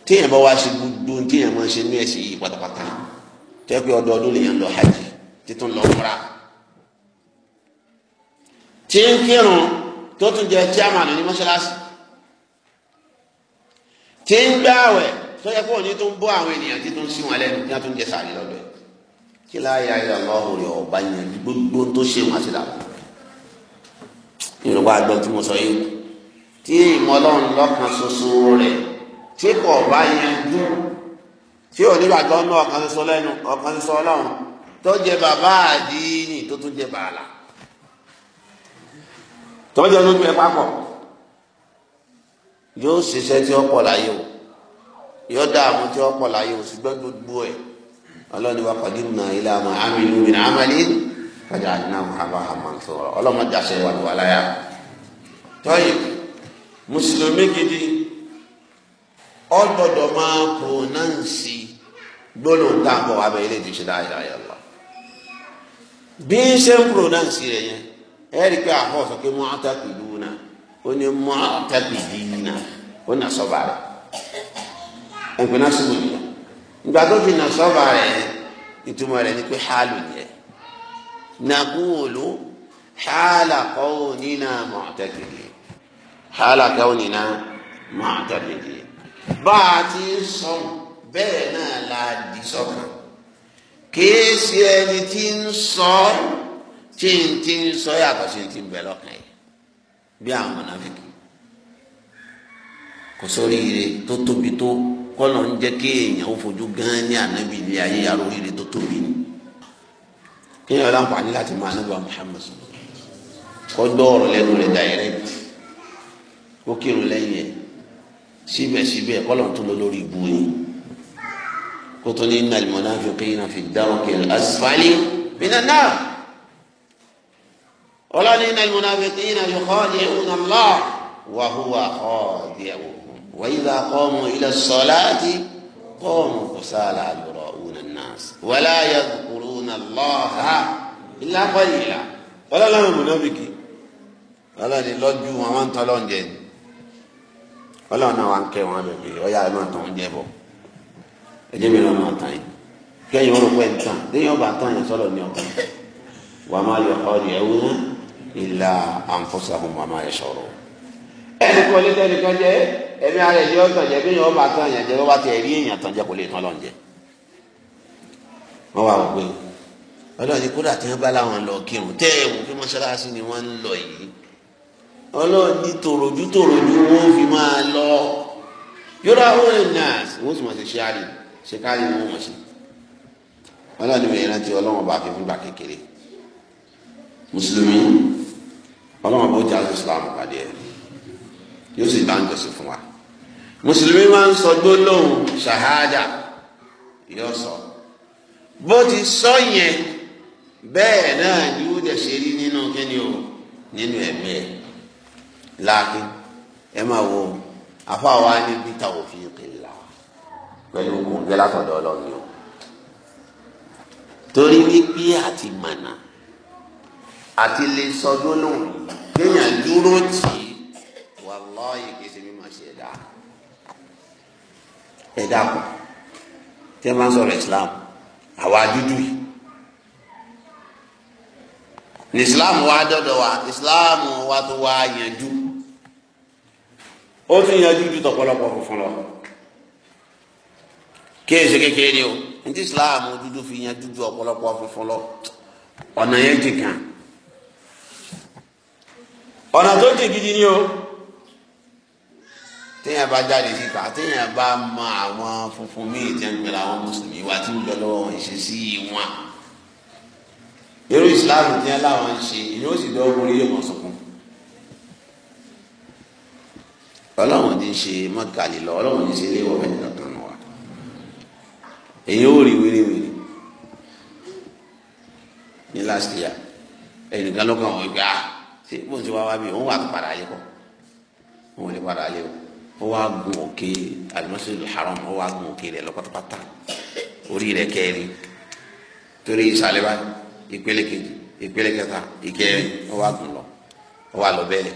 tí èèyàn bá wá ṣe gbogbo tí èèyàn máa ṣe ní ẹ̀sìn yìí pátápátá tẹ́ pé ọdọọdún lèèyàn lọ hajj títún lọ múra tí ń kírun tó tún jẹ chairman ní mọ́ṣáláṣí tí ń gbáwẹ̀ tó yẹ kó ní tó ń bọ́ àwọn ènìyàn tí tó ń sí wọn lẹ́nu kí wọ́n tó ń jẹ sàárì lọ́dọ̀ ẹ̀ kí láyà ilé ọlọ́run rẹ̀ ọba yẹn gbogbo tó ṣe wọn àti dàbọ̀ yorùbá àgbọ̀ tí mo sọ yìí tí ìmọ̀ ọlọ́run lọ́kàn ṣoṣo rẹ̀ tí kò bá yẹn dún tí ò nígbàgbọ́ ní ọ̀kan ṣoṣo lẹ́nu ọ̀kan ṣoṣo ọlọ́run tó jẹ bàbá àdínì tó tún jẹ bàálà tọ́jú ọdún pẹ́ papọ̀ yóò ṣiṣẹ́ tí ó pọ̀ láyé o yọ dààmú tí wọ́n pọ̀ láyé òsì gbọ́ gbogbo ẹ̀ ọlọ́ni wa qadimna ila ma amilu min amalin faja'alnahu haba'an mansura ọlọ́mọdé àṣẹ wà ní wàláyà tọ́yì mùsùlùmí gidi ọgbọdọ máa pònánsì gbólóhùn tá a bọ wà bẹ ilé ìdíje la ilaha illallah bí n ṣe ń pònánsì rẹ yẹn ẹ rí i pé àfọ sọ pé mu'taqiduna ó ní mu'taqidina ó nà sọ bàrẹ ẹ̀pẹ́ náà sùgbọ́n nìyẹn ìgbà tó fi nà sọ́ba rẹ̀ ìtumọ̀ rẹ̀ ni pé hálù nìyẹn nàkúwòló hálà kọ́wò nínà mọ̀tẹ́kìlì hálà kọ́wò nínà mọ̀tẹ́kìlì bá a ti sọ bẹ́ẹ̀ náà la di sọ́kàn kìí ẹni tí ń sọ tí ń tí ń sọ yàtọ̀ sí ti ń bẹ lọ́kàn yìí bí àwọn mọ̀nàfíkì kò sóríire tó tóbi tó kọ́lọ̀ ń jẹ́ kí èèyàn ó fojú gan ní ànábì ilé ayé yàrá oríire tó tóbi ni kéèyàn ọlá ń pa ní láti máa nígbà Muhammad sọ kọ́ gbọ́ ọ̀rọ̀ lẹ́nu rẹ̀ direct kó kírun lẹ́yìn ẹ̀ síbẹ̀síbẹ̀ kọ́lọ̀ tó lọ lórí ibu yìí kó tó ní innal munafiqina fi darkil asfali minan nar ọlọ́ni innal munafiqina yukhadi'una Allah wa huwa khadi'uhum wàyíra kọ́ọ̀mù ilẹ̀ sọ̀láàtì kọ́ọ̀mù kùsàlà àlùrọ̀ òun nàásì wàlá yàgùrù nà lọ́ha ilá kọ́yìlá wàlá làwọn mùnàbìkì wàlá ni lọ́jú wọn wọn tọ́lọ́ ń jẹ ni wàlá wọn náà wọn kẹ́ wọn bẹ̀bẹ̀ ọ̀yà ẹ̀ máa tàn ń jẹ bọ̀ ẹ̀jẹ̀ mi náà máa tàn yìí kẹ́yìn wọn pẹ́ ń tàn lẹ́yìn ọba tàn yẹn sọ́lọ̀ ní ọba wàá máa yọ ọ̀rẹ́ ẹ̀wù náà ìlà àǹfọ̀sàhùn wàá máa yẹ sọ̀rọ̀ ẹnì kan lé ẹ̀mí ara ẹ̀jẹ̀ ọ̀tàn jẹ́ bí yọ̀ọ́ bá tán èèyàn jẹ́ wọ́n bá ti ẹ̀rí èèyàn tán jẹ́ kò lè tán lọ́n jẹ́ wọ́n wà wọ́n pé ọlọ́run ní kódà tí wọ́n bá láwọn lọ kírun tẹ́ ẹ̀ wò pé mọ́ṣáláṣí ni wọ́n ń lọ yìí ọlọ́run ní tòròjú tòròjú wọ́n fi máa lọ yọ̀rọ̀ àwọn ènìyàn wọ́n sì máa ṣe ṣáàrì ṣe káàrì wọn wọ́n ṣe ọlọ́run mi ìrántí ọlọ́run bá fi fúngbà kékeré mùsùlùmí ọlọ́run bó jẹ́ àti Islam pàdé ẹ̀ yóò sì bá ń jọ sí fún wa mùsùlùmí máa ń sọ gbólóhùn ṣàhádà yóò sọ bó ti sọ yẹn bẹ́ẹ̀ náà ni ó dẹ̀ ṣe rí nínú kíni o nínú ẹ̀mí ẹ̀ láàkín ẹ máa wo àfáwa ní bíta òfin kìlá pẹ̀lú ogun gbé látọ̀dọ̀ ọlọ́run torí wípé àti mànà àti lè sọ gbólóhùn kéèyàn dúró tì í wàláhì kìí ṣe mímọ̀ ṣe ẹ dàpọ̀ tí ẹ máa ń sọ̀rọ̀ islam àwa dúdú yìí ní islam wa dọ̀dọ̀ wa islam wa tó wá yanjú ó tún yanjú ju tọ̀pọ̀lọpọ̀ funfun lọ kéèsì kékeré ni o ní ti islam dúdú fi yanjú ju ọ̀pọ̀lọpọ̀ funfun lọ o. téèyàn bá jáde síta téèyàn bá mọ àwọn funfun míì tí wọn gbẹrẹ àwọn mùsùlùmí wa tí ń jọ lọ́wọ́ wọn ṣe sí wọn irú ìsìláàmù tí wọn láwọn ń ṣe ìyẹn ó sì dọ́ orí yóò mọ̀ sọ̀kún ọlọ́run ti ń ṣe mọ́kàlì lọ ọlọ́run ti ń ṣe ilé ìwọ̀ bẹ́ẹ̀ nìkan nù wa èyí ó rí wéréwéré ní last year ẹnìkan ló wọ́n gbà ah, ṣé bóun ti wá wá bí òun wà padà yẹ kọ́ òun ò lè padà yẹ kọ́ ó wá gun òkè alimọsidu haram ó wá gun òkè rẹ̀ lọ pátápátá orí rẹ̀ kẹrin torí ìsàlẹ̀ báyìí ìpele kejì ìpele kẹta ìkẹrin ó wá gun lọ ó wá lọ bẹ́ẹ̀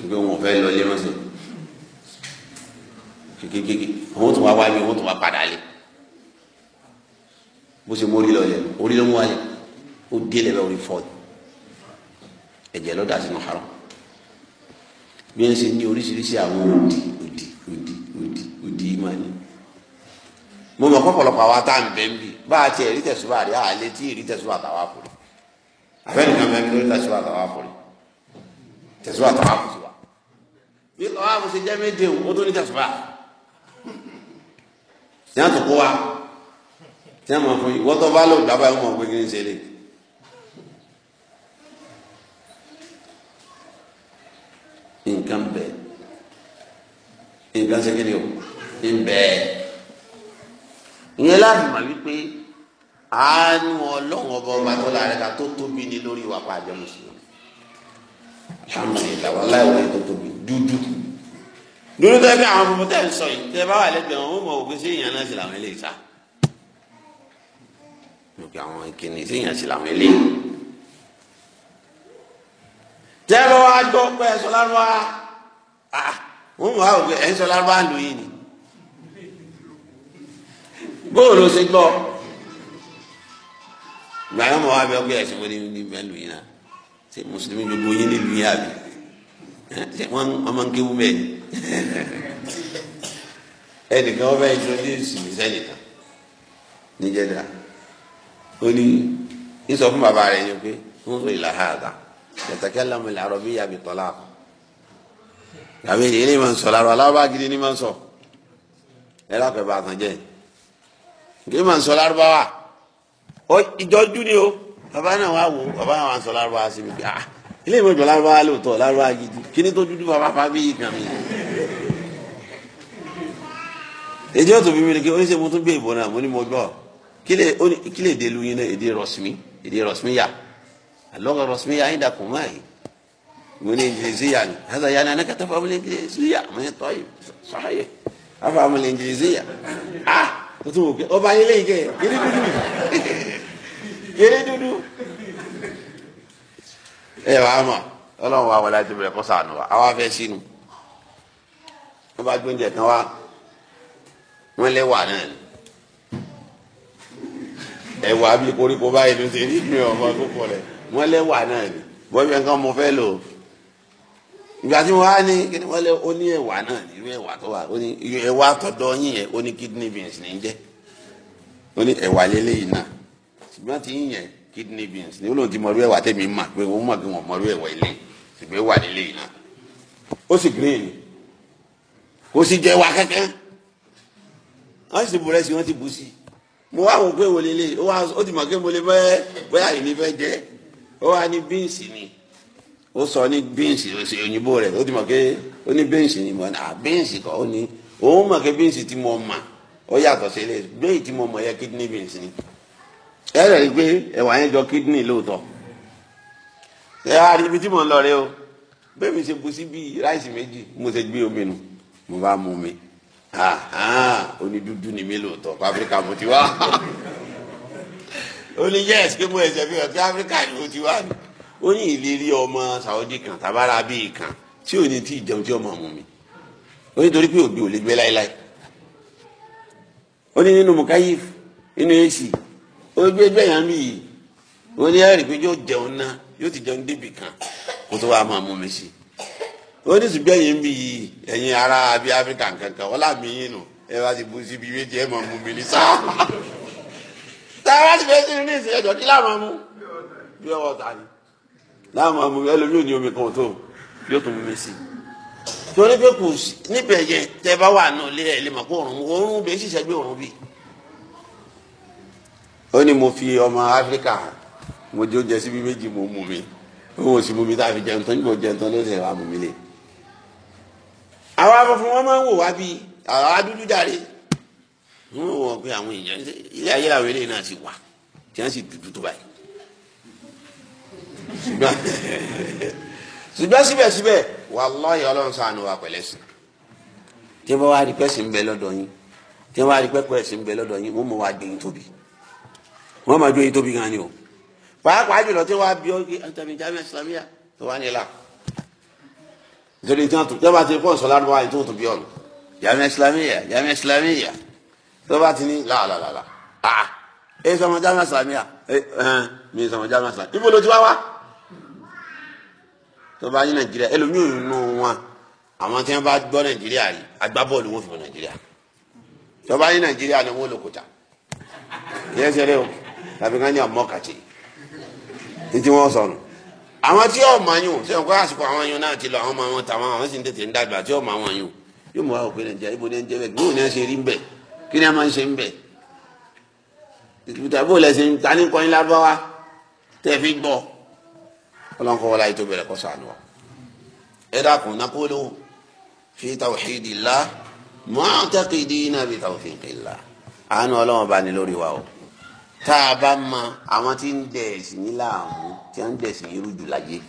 nígbà wọn fẹ́ lọ ilé mọ́sẹ̀ kékeré wọn tún wá wáyé wọn tún wá padà lé bó ṣe mórí lọ yẹ orí ló mú wáyé ó dé lẹ́bẹ̀ẹ́ orí fọ́ọ̀dù ẹ̀jẹ̀ ló dà sínú haram bí wọ́n ṣe ní oríṣiríṣi àwọn òdì òdì òdì òdì òdì yìí máa ní. mo mọ̀ pọ̀pọ̀lọpọ̀ àwa tá à ń bẹ́ ń bì bá a ti ẹ̀rí tẹ̀sùbà rí àlẹ́ tí ìrí tẹ̀sùbà tàwa kù rí àfẹ́nìkan bẹ́ẹ̀ lórí tẹ̀sùbà tàwa kù rí tẹ̀sùbà tàwa kù sí wa. bí tàwa kù sí jẹ́ méje o tó ní tẹ̀sùbà. ìyá tó kó wa tí a máa fún yìí wọ́n tó bá lò dábàá nǹkan bẹ nǹkan ṣe kíni o ń bẹ ìyẹn láti mọ̀ wípé àánú ọlọ́run ọba ọba tó lára ká tó tóbi ní lórí ìwà pàjẹ́ mùsùlùmí alhamdulilayi wàlá ìwà yìí tó tóbi dúdú dúdú tẹ́ bí àwọn ọmọ tẹ́ ń sọ yìí tẹ́ bá wà lẹ́gbẹ̀ẹ́ wọn ó mọ̀ òkú sí ìyànná sí làwọn eléyìí sá lókè àwọn ìkíni sí ìyànná sí làwọn eléyìí tẹ́ bá wá gbọ́ pé ẹ̀sọ́ lárúbá ah, wọ́n wá òkè ẹ̀sọ́ lárúbá lò yìí ni bóòlù ṣe gbọ́ gbàgbọ́n mọ̀ wá bẹ́ẹ̀ pé ẹ̀sọ́ wọn ni bẹ́ẹ̀ lò yìí náà ṣe mùsùlùmí gbogbo yín nílùú yín àbí ṣe wọ́n máa ń kéwú bẹ́ẹ̀ ni ẹnìkan ọba introduce mi sẹ́nìkan níjẹ́dá ó ní ń fún bàbá rẹ̀ yẹn pé wọ́n sọ ìlà ha àgbà yatakallamu al-arabiyya bi talaq àbí ilé ma ń sọ lárúbá lárúbá gidi ni ma ń sọ ẹ lápẹ bá kan jẹ kí ma ń sọ lárúbá wa ó ìjọjú ni o bàbá náà wà wò bàbá náà wà ń sọ lárúbá wa síbi ah ilé ìmọ̀jọ lárúbá wa lóòótọ́ lárúbá gidi kí ni tó dúdú bàbá fa bí ìkàn mi. èdè ọ̀tún bí mi ni kí oníṣẹ́ mo tún gbé ìbọn náà mo ní mo gbọ́ kí lè dé lu yín náà èdè rọ̀sìmí èdè rọ̀sìmí yà. اللغة الرسمية عندكم ما هي والإنجليزية يعني هذا يعني أنك تفهم الإنجليزية ما هي طيب صحيح أفهم الإنجليزية آه تتوقع وبعدين ليه كده كده كده ايوه عمر ọlọ́run wa wọlé àtúbọ̀lẹ̀ kọ́ sànù wa àwa fẹ́ sínú wọ́n bá gbé oúnjẹ kan wá wọ́n lé wà náà ni ẹ̀wà bíi koríko báyìí ló ṣe ní ìpínlẹ̀ ọmọ tó pọ̀ rẹ̀. wọ́n lẹ́wà náà ni bọ́ọ̀bì nǹkan mo fẹ́ lò ìgbà tí mo wá ní kíni wọ́n lé ó ní ẹ̀wà náà ní irú ẹ̀wà tó wà ó ní ẹ̀wà tọ̀dọ̀ yín yẹn ó ní kidney beans ní jẹ́ ó ní ẹ̀wà lélẹ́yìn náà ṣùgbọ́n ti yín yẹn kidney beans ní olóhùn ti mọ̀rú ẹ̀wà tẹ̀mí mà pé wọ́n mọ̀ kí wọ́n mọ̀rú ẹ̀wà ilé ṣùgbọ́n ẹ̀wà lélẹ́yìn náà ó sì green sì jẹ́ ó wá ní bíǹsì ni ó sọ ní bíǹsì òyìnbó rẹ̀ ó ti mọ̀ pé ó ní bíǹsì ni mọ̀ à bíǹsì kọ́ ó ní òun mọ̀ pé bíǹsì tí mo mọ̀ ó yàtọ̀ sí ilé bíǹsì tí mo mọ̀ yẹ kidney beans ni ẹ rẹ̀ rí i pé ẹ̀wà yẹn jọ kidney lóòótọ́ ẹ á rí ibi tí mo ń lọ rẹ o bẹ́ẹ̀ mi ṣe bu sí bíi ráìsì méjì mo ṣe gbé omi nù mo bá mu mi oní dúdú ni mi lóòótọ́ fáfíríkà mo ti wá. ó ní yes pé mo ẹsẹ̀ fi hàn pé áfíríkà ni mo ti wá ni ó ní ìlérí ọmọ sàwọ́dì kan tàbára bíi kan tí ò ní tí ì tí ọmọ mú mi ó ní torí pé òbí ò lè gbé láéláé ó ní nínú mukayif nínú èsì ó gbé gbẹ̀yàn mi yìí ó ní ẹ̀rí pé yóò jẹun náà yóò ti jẹun débì kan kó tó wàá máa mú mi sí ó ní ṣùgbọ́n ẹ̀yin bí ẹ̀yin ará bíi áfíríkà kankan ọlá mi yín nù ẹ bá ti bu síbi méjì ẹ máa mú mi ní sáà tẹ́wá ti fẹ́ sínú ní ìsìn kí láwọn ọmú bí ọwọ́ ta ni láwọn ọmú ẹlòmíì ní omi kan tó yóò tún mímí sí i torí pé kò sí níbẹ̀ yẹn tẹ́ bá wà náà lé ẹ̀ lè mọ̀ kó òrùn òórùn bẹ́ẹ̀ sì ṣẹ́gbẹ́ òórùn bì. ó ní mo fi ọmọ áfíríkà mo jẹ oúnjẹ síbi méjì mo mú mi òun ò sì mú mi tá a fi jẹun tán nígbà jẹun tán ló sì wà mú mi lé. àwọn afọ̀fọ̀ wọn máa ń wò wá bíi àwọn adúdú dáre wọn wọ pé àwọn èèyàn ilé ayé làwọn eléyìí náà ti wà tí wọn sì dúdú tó báyìí ṣùgbọ́n síbẹ̀síbẹ̀ wàláhì ọlọ́run ṣàánú wa pẹ̀lẹ́ sí tí wọ́n wá rí pẹ́sì ń bẹ lọ́dọ̀ yín tí wọ́n wá rí pẹ́sì ń bẹ lọ́dọ̀ yín wọ́n mọ̀ wá gbé tóbi wọ́n máa gbé tóbi gan ni o pàápàá jùlọ tí wọ́n bí ọ́gẹ́ àtàmì jamiu islamiyah tó wá nílà nítorí tí wọ́n bá ti pọ̀ sọ́lá tó bá ti ní làlàlàlà ah ẹ sọmọ jamiu islamia eh, ẹ ẹn mi sọmọ jamiu islamia ibo ló ti wá wá tó bá ní nàìjíríà ẹlòmíì nù wọn àwọn tí wọn bá gbọ́ nàìjíríà rí agbábọ́ọ̀lù wọn fi bọ nàìjíríà tó bá ní nàìjíríà ni wọn lò kúta yẹn ṣe rẹ o tàbí ká ní ọmọ kàtí ní tí wọn sọnù àwọn tí àsìkò àwọn náà ti lọ àwọn ọmọ wọn tàwọn àwọn sì ń tètè ń dàgbà tí ọmọ àwọn yìí yóò mú wa òpin nàìjíríà ibo ní ẹ kí ni a máa ń ṣe ń bẹ̀ ìkìbìtà bó lẹ́sẹ̀ ń ta ní kọ́yìn lábáwá tẹ́ fi gbọ́ ọlọ́nkọ́ wọlé ayé tó bẹ̀rẹ̀ kọ́ sànù wa ẹ dákun nakolo fi tawhidillah mu'taqidina bi tawfiqillah àánú ọlọ́wọ́n bá ní lórí wa o tá a bá mọ àwọn tí ń dẹ̀ ẹ̀sìn yín láàmú tí wọ́n ń dẹ̀ ẹ̀sìn yín rújú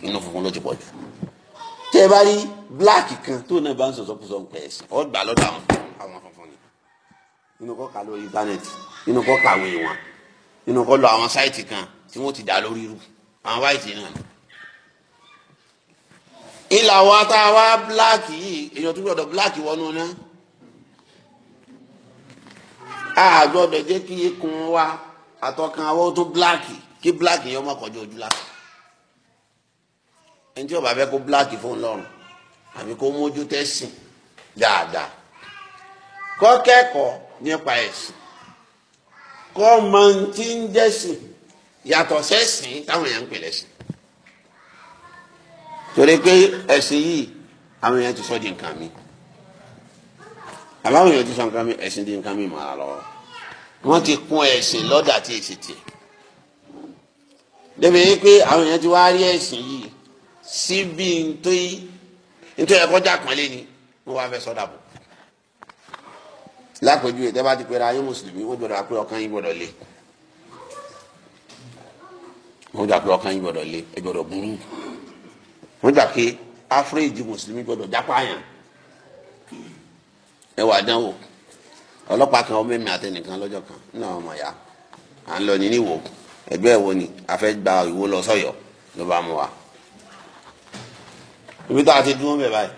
inú funfun ló ti pọ̀ jù tẹ́ rí black kan tó náà bá ń sọ̀sọ́ kó nínú kọ́ kà lórí íńtánẹ́ẹ̀tì nínú kọ́ kàwé wọn nínú kọ́ lọ àwọn sáìtì kan tí wọ́n ti dá lórí irú àwọn wáìtì náà. ìlà wa tá a wá bíláàkì yìí èèyàn tó gbọdọ̀ bíláàkì wọnú náà a gbọ́dọ̀ jẹ́ kí ikùn wa àtọkàn awọ tó bíláàkì kí bíláàkì yẹn ọmọ kọjá ojú la ẹni tí ó bá fẹ́ kó bíláàkì fóun lọ́rùn àbí kó mójú tẹsìn dáadáa kọ kẹ́kọ̀ọ́ nípa ẹ̀sìn kọ́ máa ń tí ń jẹ́sìn yàtọ̀ sẹ́sìn táwọn èèyàn ń pè lẹ́sìn torí pé ẹ̀sìn yìí àwọn èèyàn ti sọ di nǹkan mi àbáwọn èèyàn ti sọ nǹkan mi ẹ̀sìn di nǹkan mi mọ̀ ara lọ wọ́n ti kún ẹ̀sìn lọ́dà tí èsì tiẹ̀ débi yìí pé àwọn èèyàn ti wá rí ẹ̀sìn yìí síbi ntòyí ntòyí ẹ̀kọ́jà kan lé ni wọ́n wá fẹ́ sọ́dà bò lápẹjù ètò bá ti pera ayé mùsùlùmí ó gbọ́dọ̀ àpé ọkàn yín gbọ́dọ̀ lé ó gbọ́dọ̀ àpé ọkàn yín gbọ́dọ̀ lé ẹ gbọ́dọ̀ burú wọn gbà pé áfíríjì mùsùlùmí gbọ́dọ̀ jápáyàn ẹ wà dánwò ọlọ́pàá kan ọmọ mi àtẹnìkan lọ́jọ́ kan nínú àwọn ọmọ ya à ń lọ ní níwò ẹgbẹ́ ìwò ni a fẹ́ gba ìwò lọ sọ́yọ́ ló bá mú wa ibi tó a ti dúró bẹ̀ báyìí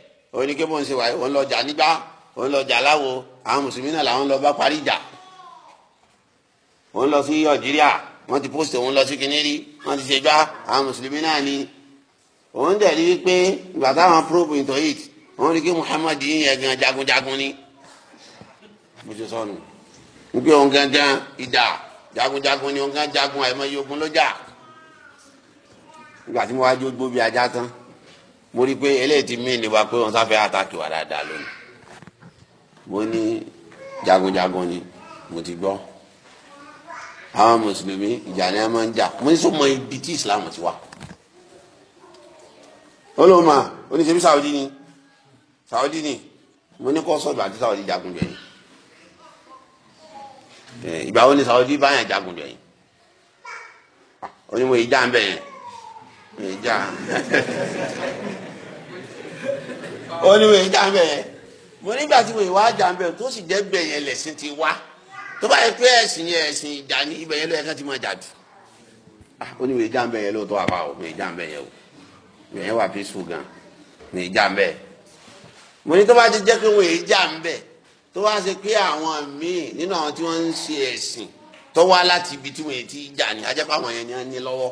oníkébò ń ṣe wáyé òun lọ jà nígbà òun lọ jà láwo àwọn mùsùlùmí náà làwọn lọ bá parí ìjà òun lọ sí algeria wọ́n ti post òun lọ sí kinní rí ti ṣe gbá àwọn mùsùlùmí náà ni òun dẹ̀ rí wípé ìgbà táwọn probe into it òun rí kí muhammad yín yẹn gan jagunjagun ni mo ti sọnù wípé òun gangan ìdá jagunjagun ni òun gan jagun àìmọye ogun ló jà ìgbà tí mo wá jó gbóbi ajá tán mo rí i pé eléyìí ti mí ìlera pé wọ́n sáfẹ́ àtàkì wà dáadáa lónìí mo ní jagunjagun ni mo ti gbọ́ àwọn mùsùlùmí ìjà ni wọ́n máa ń jà mo ní sọ mọ ibi tí islam ti wà olóòmà oníṣẹ́bí saudi ni saudi ni mo ní kó sọ̀dọ̀ àti saudi jagun jẹ̀yìn ìgbà wo ni saudi báyà jagun jẹ̀yìn onímọ̀ ìjà ń bẹ̀yẹn wèjà ó ní wèjà bẹ́ẹ̀ mo nígbà tí wèjà wá jà bẹ́ẹ̀ tó sì jẹ́ bẹ́ẹ̀ yẹn lẹ̀sìn ti wá tó bá yẹ pé ẹ̀sìn yẹn ẹ̀sìn ìjà ní ibẹ̀ yẹn lọ́yẹ̀ kan ti máa jà jù ah, ó ní wèjà bẹ́ẹ̀ yẹn lóòótọ́ àbá o wèjà bẹ́ẹ̀ yẹn o ibẹ̀ yẹn wà peaceful gan wèjà bẹ́ẹ̀ mo ní tó bá ti jẹ́ pé wèjà bẹ́ẹ̀ tó wá ṣe pé àwọn míì nínú àwọn tí wọ́n ń ṣe ẹ̀sìn tó wá láti ibi tí wọ́n ti ní ajẹ́pọ̀ àwọn yẹn ní lọ́wọ́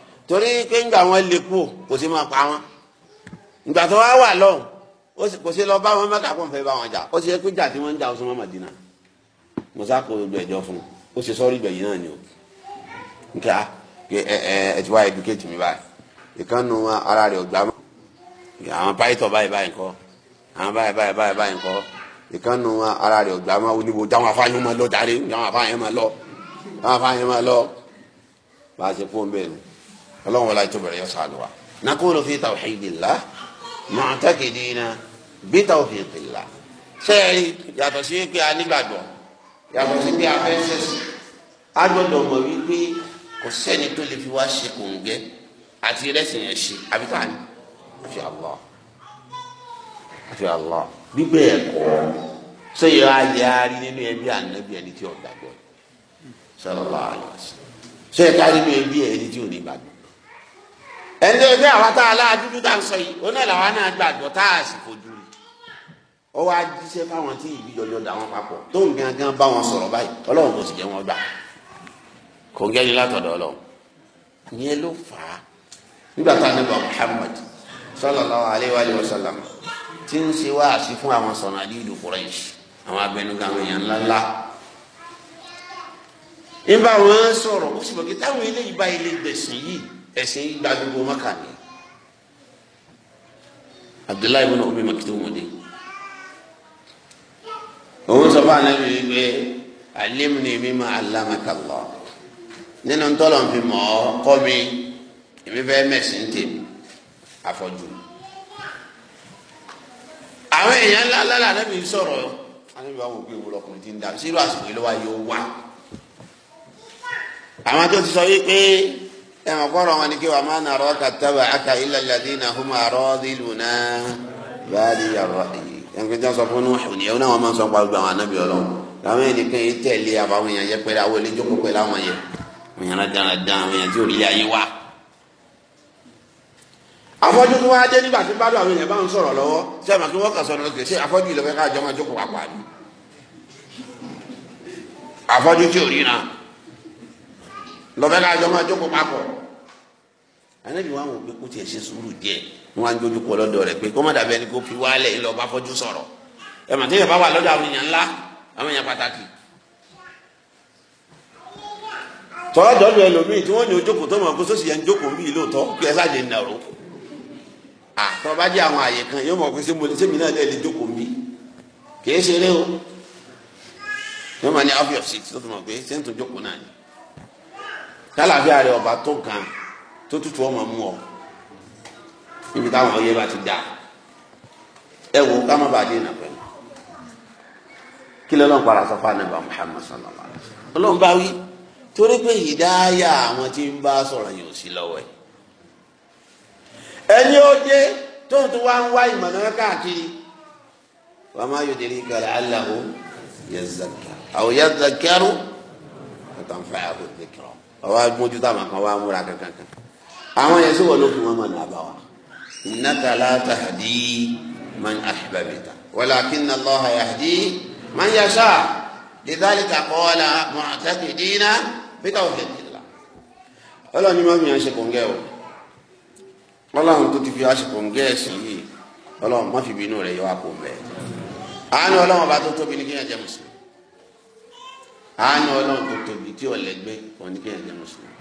torí pé ńgbà wọn lè kú kò sí máa pa wọn ìgbà wá wà lọ kò sí lọ bá wọn mẹ́ta kó n fẹ́ bá wọn jà ó sì yẹ jà wọ́n ń jà musa fún un ó sì o nka ẹ ẹ ẹ ti wá educate mi báyìí ìkànnù ara àwọn báyìí báyìí àwọn báyìí báyìí báyìí báyìí ìkànnù ara oníbo afáyín máa lọ dárí afáyín máa lọ a ṣe ni. ọlọ́run wọlé àti obìnrin yóò sàánú wa nakulu fi tawhidillah mu'taqidina bi tawhidillah sẹ́ẹ̀rì yàtọ̀ sí pé a nígbàgbọ́ yàtọ̀ sí pé a fẹ́ sẹ́sì a gbọ́dọ̀ mọ̀ wípé kò sẹ́ni tó lè fi wá ṣe kòǹgẹ́ àti rẹ́sìn yẹn ṣe àbí tá a ní àfi Allah àfi Allah gbígbé ẹ̀kọ́ sẹ́yìn ayé arí nínú ẹbí ànábì ẹni tí ó gbàgbọ́ sallallahu sẹ́yìn kárí nínú ẹbí ẹni tí ò ẹnjẹ ẹgbẹ àwa tá a láàdúdú tá a sọ yìí ó náà làwa náà gbàgbọ́ tá a sì fojú rí ọ wá jíṣẹ́ fáwọn tí ìbí jọjọ dà wọn papọ̀ tó ń gangan bá wọn sọ̀rọ̀ báyìí Ọlọ́run kò sì jẹ wọn gbà kò ń gẹni látọ̀dọ̀ Ọlọ́run ìyẹn ló fà á nígbà tá a níbà Muhammad sallallahu alayhi wa sallam tí ń ṣe wáàsí fún àwọn Sanadidu Quraysh àwọn abẹnugan àwọn èèyàn ńláńlá ń bá wọn sọ̀rọ̀ ó sì bọ̀ kí táwọn eléyìí bá ẹ̀sìn gba gbogbo mọ́kà ni abdullahi ibn Ummi Maktum de òun sọ fún anabi yìí pé alimni mimma allamaka Allah nínú ntọ́lọ̀ fi mọ̀ ọ́ kọ́ mi èmi fẹ́ mẹ̀sìn tèmi àfọ̀jù àwọn èèyàn ńlá ńlá anabi sọ̀rọ̀ anabi wà wò pé ìwúlọ̀kùnrin ti ń dà àsìkò yìí ló wá yóò wá àwọn tó ti sọ yìí pé ẹ̀mọ̀ kọ́rọ̀ wọn ni kí wàá má nà rọ́ kàtàbà àkà ilẹ̀ ladí nà hùmà rọ́ dìlù náà báyìí yàrá yìí ẹnìkan tí wọn sọ fún Nuhu ni ẹwọn náà wọn máa ń sọ pàrọ̀ gba àwọn anábì Ọlọ́run làwọn ẹnìkan yìí tẹ̀lé àbáwọn èèyàn yẹ pẹ̀lú àwọn eléjókòó pẹ̀lú àwọn yẹn àwọn èèyàn dára dán àwọn èèyàn tí ò rí ayé wa. afọ́jú tó wáá nígbà tí bá dùn àwọn èèyàn bá ń sọ̀rọ̀ lọ́wọ́ ṣé àmọ́ kí wọ́n kà sọ̀rọ̀ lókè ṣé afọ́jú ìlọ́fẹ́ káàjọ́ máa jókòó pàpà ni afọ́jú tí ò rí náà lọ́fẹ́ ká jọ máa jókòó papọ̀ anabi wa wò pé kó tiẹ̀ ṣe sùúrù díẹ̀ wọn á jójú kọ lọ́dọ̀ rẹ̀ pé kó má dàbẹ́ ni kó fi wálẹ̀ lọ bá fọ́jú sọ̀rọ̀ ẹ mà téèyàn bá wà lọ́dọ̀ àwọn èèyàn ńlá àwọn èèyàn pàtàkì tọ́lá dọ́dọ̀ ẹlòmíì tí wọ́n ní ojókòó tó mọ̀ kó sósì yẹn ń jókòó bíi lóòótọ́ kí ẹ sáàjẹ nàró àtọ́ bá jẹ́ àwọn àyè kan yóò mọ̀ pé sẹ́mi náà lẹ́ẹ̀ jókòó bíi kì í ṣeré o yóò máa ní tálàfíà rẹ ọba tó kan tó tutù ọmọ mú ọ níbi táwọn ọyẹ bá ti dà ẹ wò ká má bàa dé nà pẹ̀lú kí lọ́lọ́n para sọ fún anábà Muhammad sallallahu alayhi wa sallam ọlọ́run bá wí torí pé ìdáyà àwọn tí ń bá sọ̀rọ̀ yìí ò sí lọ́wọ́ ẹ̀ ẹni ó dé tó ń tún wá ń wá ìmọ̀ náà káàkiri wàá má yóò délé kàlẹ́ aláwo yẹ zaka àwọn yẹ zakaru kàtà ọwọ́ agbójú táwọn kan wá múra kankan kan àwọn yẹn sọ̀rọ̀ ló fi wọn mọ̀ ní àbáwá innaka la tahdi man ahbabta walakinna Allaha yahdi man yasha lidhalika qala mu'taqidina bi tawfiqillah ọlọ́run ni mọ́mí yẹn ṣe kòǹgẹ́ o ọlọ́run tó ti fi wá ṣe kòǹgẹ́ ẹ̀sìn yìí ọlọ́run má fi bínú rẹ̀ yọ wá kò àánú ọlọ́run bá tó tóbi ní kíyànjẹ́ mùsùlùmí àánú ọlọ́run tó tóbi tí ọ̀lẹ́gbẹ́ òní kí ẹ̀jẹ̀ mùsùlùmí.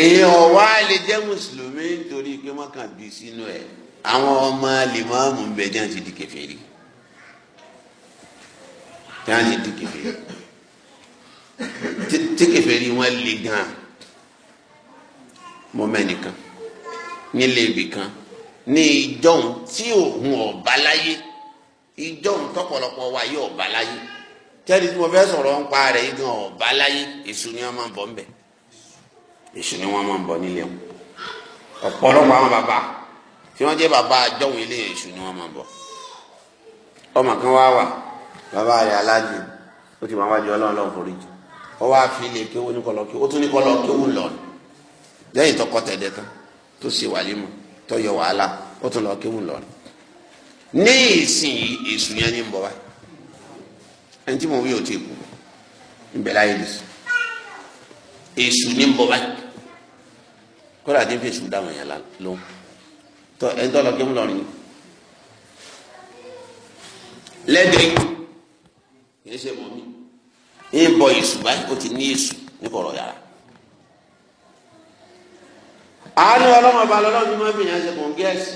èèyàn ọ̀wá lè jẹ́ mùsùlùmí nítorí pé wọ́n kàn bí sínú ẹ̀ àwọn ọmọ lèmọ́ọ̀mù ń bẹ jẹ́ ti di kèfèrí jẹ́ ti di kèfèrí tí kèfèrí wọn le gan mọ́ nílé ibì kan ní ìjọ́hun tí òun ọ̀bá láyé ìjọ́hun tọ́pọ̀lọpọ̀ wa yóò láyé tẹ́lẹ̀ tí mo fẹ́ sọ̀rọ̀ ń pa rẹ̀ gan ọ̀bá láyé èṣù ni wọ́n máa ń bọ̀ ńbẹ̀ èṣù ni wọ́n máa ń bọ̀ nílé wọn ọ̀pọ̀lọpọ̀ àwọn bàbá tí wọ́n jẹ́ bàbá àjọwìn ilé èṣù ni wọ́n máa ń bọ̀ ọmọ kan wá wà bàbá rẹ̀ aláàjì ó ti máa wájú ọlọ́run lọ́wọ́ forí jù ọ wá fi ilé kí ó ní kọ́ lọ kí ó tún ní kọ́ lọ kí ó wù lọ́ọ̀nù lẹ́yìn tọkọ tẹ̀dẹ̀ tán tó ṣe wàlímù tó yọ wàhálà ó tún lọ kí ó wù lọ́ọ̀nù ní ìsìn èṣù yẹn ní ń bọ̀ báyìí ẹni tí mo wí ò tí kú ibẹ̀ láyé lè sùn èṣù ní bọ́ báyìí kódà tí ń fi èṣù dáhùn yẹn ló tọ ẹni tó lọ kí ń lọ rìn lẹ́dẹ̀ kìí ṣe mọ́ mi ń bọ èṣù báyìí ó ti ní èṣù ní yàrá àánú ọlọ́mọba lọ́lọ́run ní mọ́bìnrin ẹ̀ṣẹ̀ gẹ́ẹ̀sì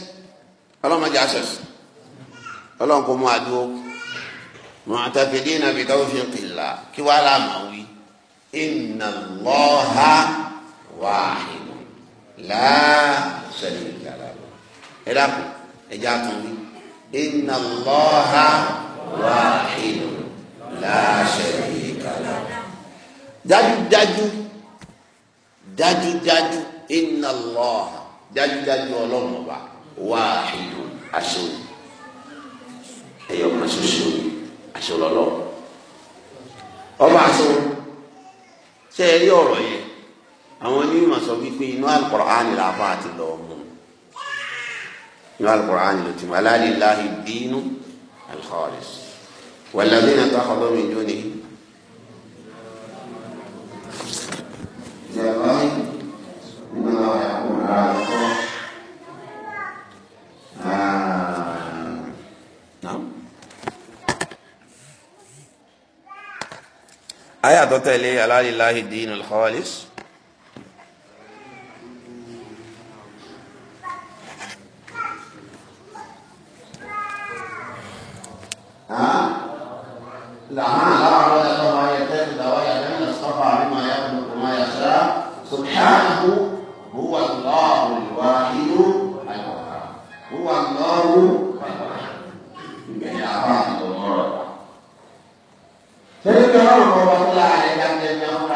ọlọ́mọdé aṣọ̀ṣì ọlọ́run kò mú معتقدين بتوفيق الله كي ولا موي إن الله واحد لا شريك له إلاكم إجاكم إن الله واحد لا شريك له داجو داجو داجو داجو إن الله داجو داجو الله واحد أشهد أيوم أشهد aṣọ lọ́lọ́ ọba aṣọ ṣe é rí ọ̀rọ̀ yẹn àwọn onímọ̀ sọ wípé inú Al-Qur'ani la bá ti lọ mú inú Al-Qur'ani ló ti mú ala lillahi dinu al-khalis walladhina takhadu min dunihi. Thank you. aya tó tẹ̀lé الدين الخالص ها لعن الأعرج كما يتخذ ويعلم اصطفى بما يخلق وما يشاء سبحانه هو الله الواحد الوهاب هو الله الواحد من جميع الله and then now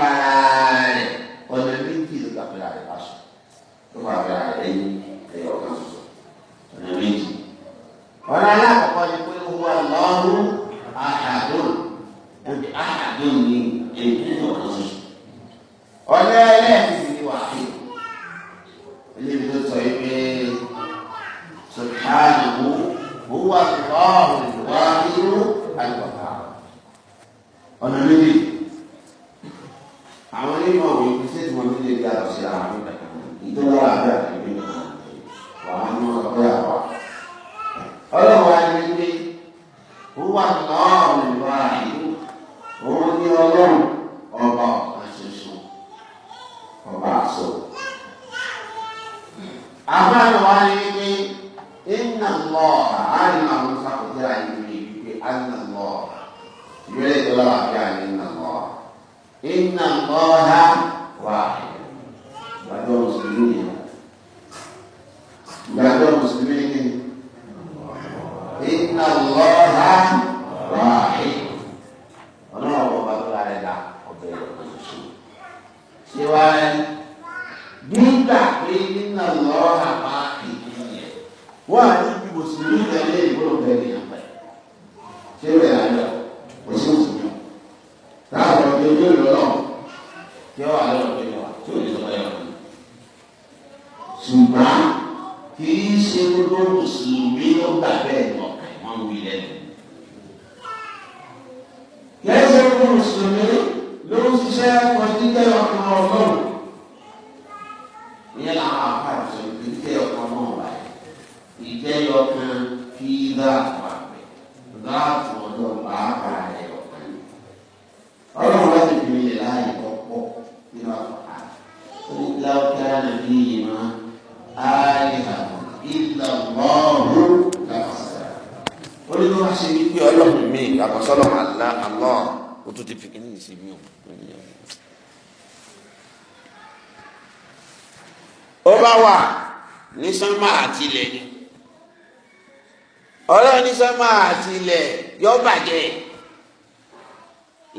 àti ilẹ̀ yọ bàjẹ́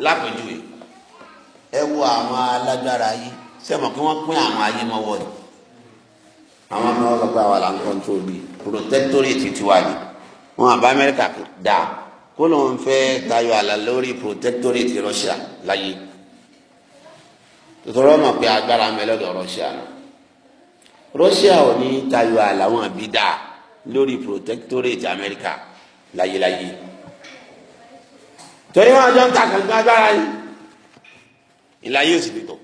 lápẹjùwe ẹ wo àwọn alágbára ayé sẹ́mọ̀ kí wọ́n pín àwọn ayé mọ́wọ́ ni àwọn ọmọ wọn sọ pé àwa là ń kọ́ńtrol bíi protectorate tiwa ni wọn àbá Amẹ́ríkà dá kó ló ń fẹ́ tayọ àlà lórí protectorate Russia láyé tòtòrọ mọ̀ pé agbára mẹ́lọ́dọ̀ Russia náà Russia ò ní tayọ àlà wọn bí dá lórí protectorate Amẹ́ríkà láyéláyé torí wọn jọ ń ta kankan agbára yìí ìlàyé ò sì lè tọ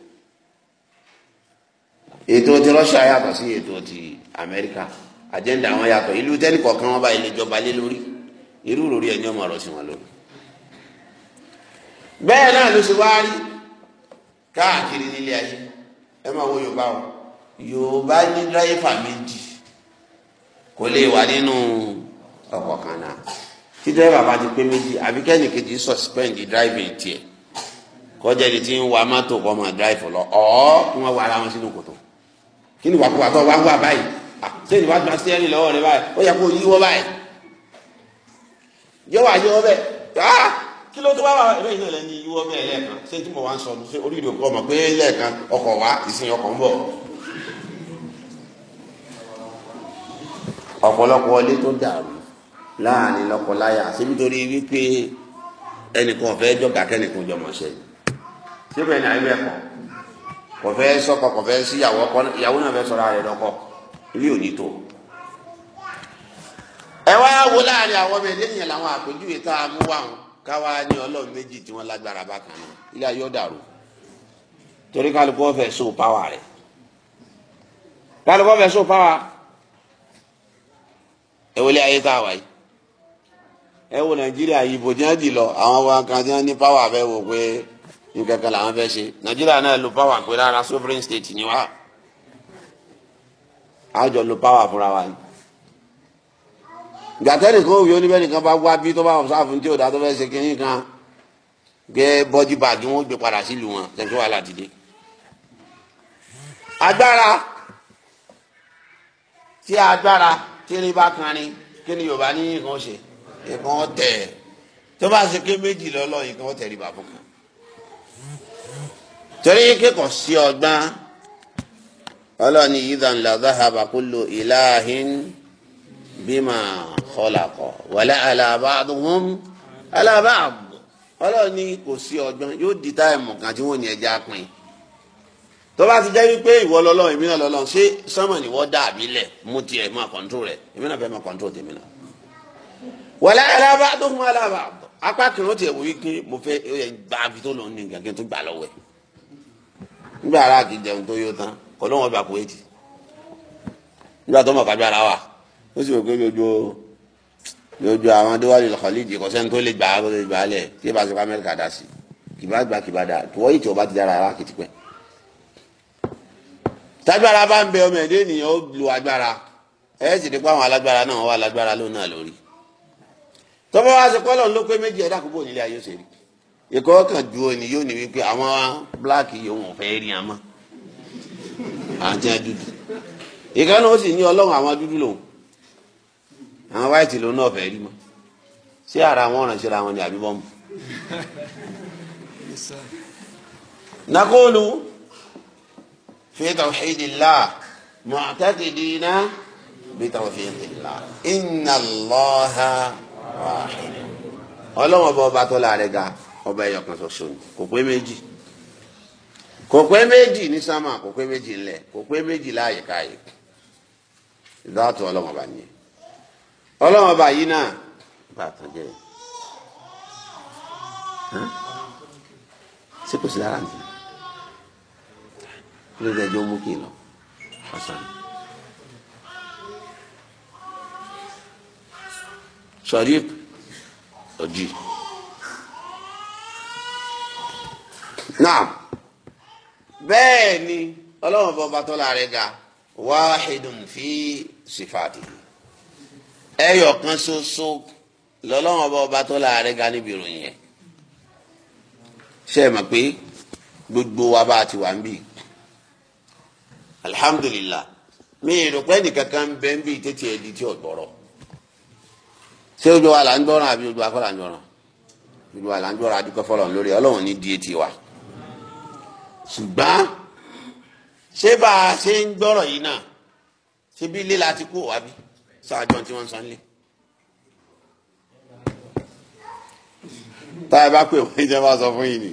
ètò ti Russia yàtọ̀ sí ètò ti Amẹ́ríkà àjẹ́ndà wọn yàtọ̀ ìlú tẹ́nìkọ̀ kan wọn bá ilé ìjọba lé lórí irú lórí ẹni ọmọ ọ̀rọ̀ sí wọn lórí bẹ́ẹ̀ náà ló ṣe wá rí káàkiri nílé ayé ẹ máa wo Yorùbá o Yorùbá ní dráyẹ́fà méjì kò lè wà nínú. No ọkọ̀ kan náà tí dẹ́rẹ́bà bá ti pé méjì àbí kẹ́ni kejì suspend driving tiẹ̀ kọjá ẹni tí ń wa mọ́tò kọ́ máa drive lọ ọ́ kí wọ́n wá ara wọn sínú kòtò kí ni wàkúwà tó wá wà báyìí ṣé ìdìbò àti bàtí ẹni lọ́wọ́ rẹ báyìí ó yẹ kó yíwọ́ báyìí yóò wá yíwọ́ bẹ́ẹ̀ kí ló tó wá wà ẹ̀rẹ́ ìnáyà lẹ́ni yíwọ́ bẹ́ẹ̀ lẹ́ẹ̀kan ṣé tí mo wá ń sọ ṣé orí ìdò kọ́ pé lẹ́ẹ̀kan ọkọ̀ wá ìsìn ọkọ̀ ń bọ̀ ọ̀pọ̀lọpọ̀ ilé tó dàrú láàrin lọ́kọláya síbi torí wípé ẹnìkan fẹ́ jọ̀gá kẹ́nìkan jọmọ̀ ṣe síbẹ̀ ní ayé ẹ̀kọ́ kò fẹ́ sọ́kọ kò fẹ́ síyàwó ọkọ ìyàwó náà fẹ́ sọ̀rọ̀ ààrẹ lọ́kọ ilé òní tó. ẹ wá wo láàrin àwọn ọmọ ẹdẹ yẹn làwọn àpèjúwe tá a mú wá wọn káwá ní ọlọ́run méjì tí wọ́n lágbára bákan náà ilé ayé ó dàrú torí kálukú ọ̀fẹ́ so pàwà rẹ̀ kálukú ọ̀fẹ́ so pàwà ewele ayé tá a wáyé ẹ wo nàìjíríà yìí bò tí wọ́n ti lọ àwọn wa kan tí wọ́n ní power bẹ́ẹ̀ wò pé nǹkan làwọn fẹ́ ṣe nàìjíríà náà lo power pé rárá sovereign state ni wá àjọ lo power fúnra wa ni gbàtẹ́nì kan òye oníbẹ̀ nìkan bá wá bí tó bá ọ̀sáàfin tí òdà tó fẹ́ ṣe kínní kan gé bọ́dí báàgì wọn gbé padà sílùú wọn tẹ̀sí wàhálà dìde. agbára tí agbára tí ní bá kan ni kí ni yorùbá ní nǹkan ṣe ìbọn tẹ̀ tó bá ṣe ké méjì lọ́lọ́ yìí kí wọ́n tẹ̀ rí bàbá kan torí kíkọ̀ sí ọgbọ́n ọlọ́ni idan la zahaba kullu ilahin bima khalaqa wala ala ba'duhum ala ba'd ọlọ́ni kò sí ọgbọ́n yóò di táìmù kan tí wọ́n ní ẹja pin tó bá ti jẹ́ wípé ìwọ lọ́lọ́ èmi lọ́lọ́ ṣé sánmọ̀ wọ́n dà bí mú tiẹ̀ máa kọ́ńtró rẹ̀ èmi fẹ́ máa kọ́ńtró tèmi wàlẹ́ alábà tó fún alábà apá kan ó tiẹ̀ wò yí pé mo fẹ́ gba àfi tó lọ ní nǹkan kí n tó gbà lọ́wọ́ ẹ̀ nígbà ara kì í jẹun tó yóò tán ọlọ́wọ́n bá kó ètì nígbà tó mọ̀ kájú ara wa ó sì wò pé jojo jojo àwọn adéwálé lọ́kọ̀lìjì kò sẹ́ni tó lè gbà á tó lè gbà á lẹ̀ tí ì bá sọ pé amẹ́ríkà dá sí kì bá gbà kì bá dá tó wọ́n yìí tí o bá ti dára ara kì í ti pẹ́ tágbára bá ń bẹ ọmọ ẹ̀dẹ́ ènìyàn ó lu agbára ẹ̀ sì ti pa àwọn alágbára náà wà lágbára lónà lórí tọ́ba wá sí kọ́lọ̀ ló pé méjì ẹ̀dá kúbò nílé ayé ṣe rí ikọ̀ kan ju òní yóò ní wípé àwọn bíláàkì yòówù fẹ́ rí àmọ́ àti dúdú ìkan náà ó sì ní ọlọ́run àwọn dúdú lòun àwọn wáìtì lòun náà fẹ́ rí mọ́ sí ara wọn ràn síra wọn ni àbí bọ́mù. nakólu fi tawhidillah mu'taqidina bi tawhidillah inna Allaha ọlọ́wọ́n ọba ọba tó la rẹ̀ ga ọba ẹ̀yọ̀ kan ṣoṣo ni kò pé méjì kò pé méjì ní sámà kò pé méjì ńlẹ̀ kò pé méjì láàyè káyè ìdáàtò ọlọ́wọ́n ọba nìyẹn ọlọ́wọ́n ọba yìí náà bá a tán jẹ́ yìí ṣé sí lára nìyẹn ló dẹjọ́ mú kí n lọ ọ̀sán. صديق أجي نعم bẹ́ẹ̀ ni ọlọ́run bọba tó láre ga wáhidùn fi sifati ẹyọ kan ṣoṣo lọ́lọ́run bọba tó láre ga níbi ìròyìn ẹ̀ ṣe é mọ̀ pé gbogbo wa bá a ti wà ń bì alihamudulilayi mi ìròpẹ́ nìkan kan bẹ́ẹ̀ ń bì tètè ẹ̀ di tí ò gbọ́rọ̀ ṣé ojú wa là ń jọràn àbí ojú wa kọ́ là ń jọràn ojú wa là ń jọràn adúgbò fọlọ́run lórí ọlọ́run ní díẹ̀ tiwa ṣùgbọ́n ṣé bá a ṣe ń gbọ́rọ̀ yìí náà ṣé bí ilé la ti kú òwá bí ṣáájú tí wọ́n ń san tá ẹ bá pè wọ́n ìjọba sọ fún yìí ni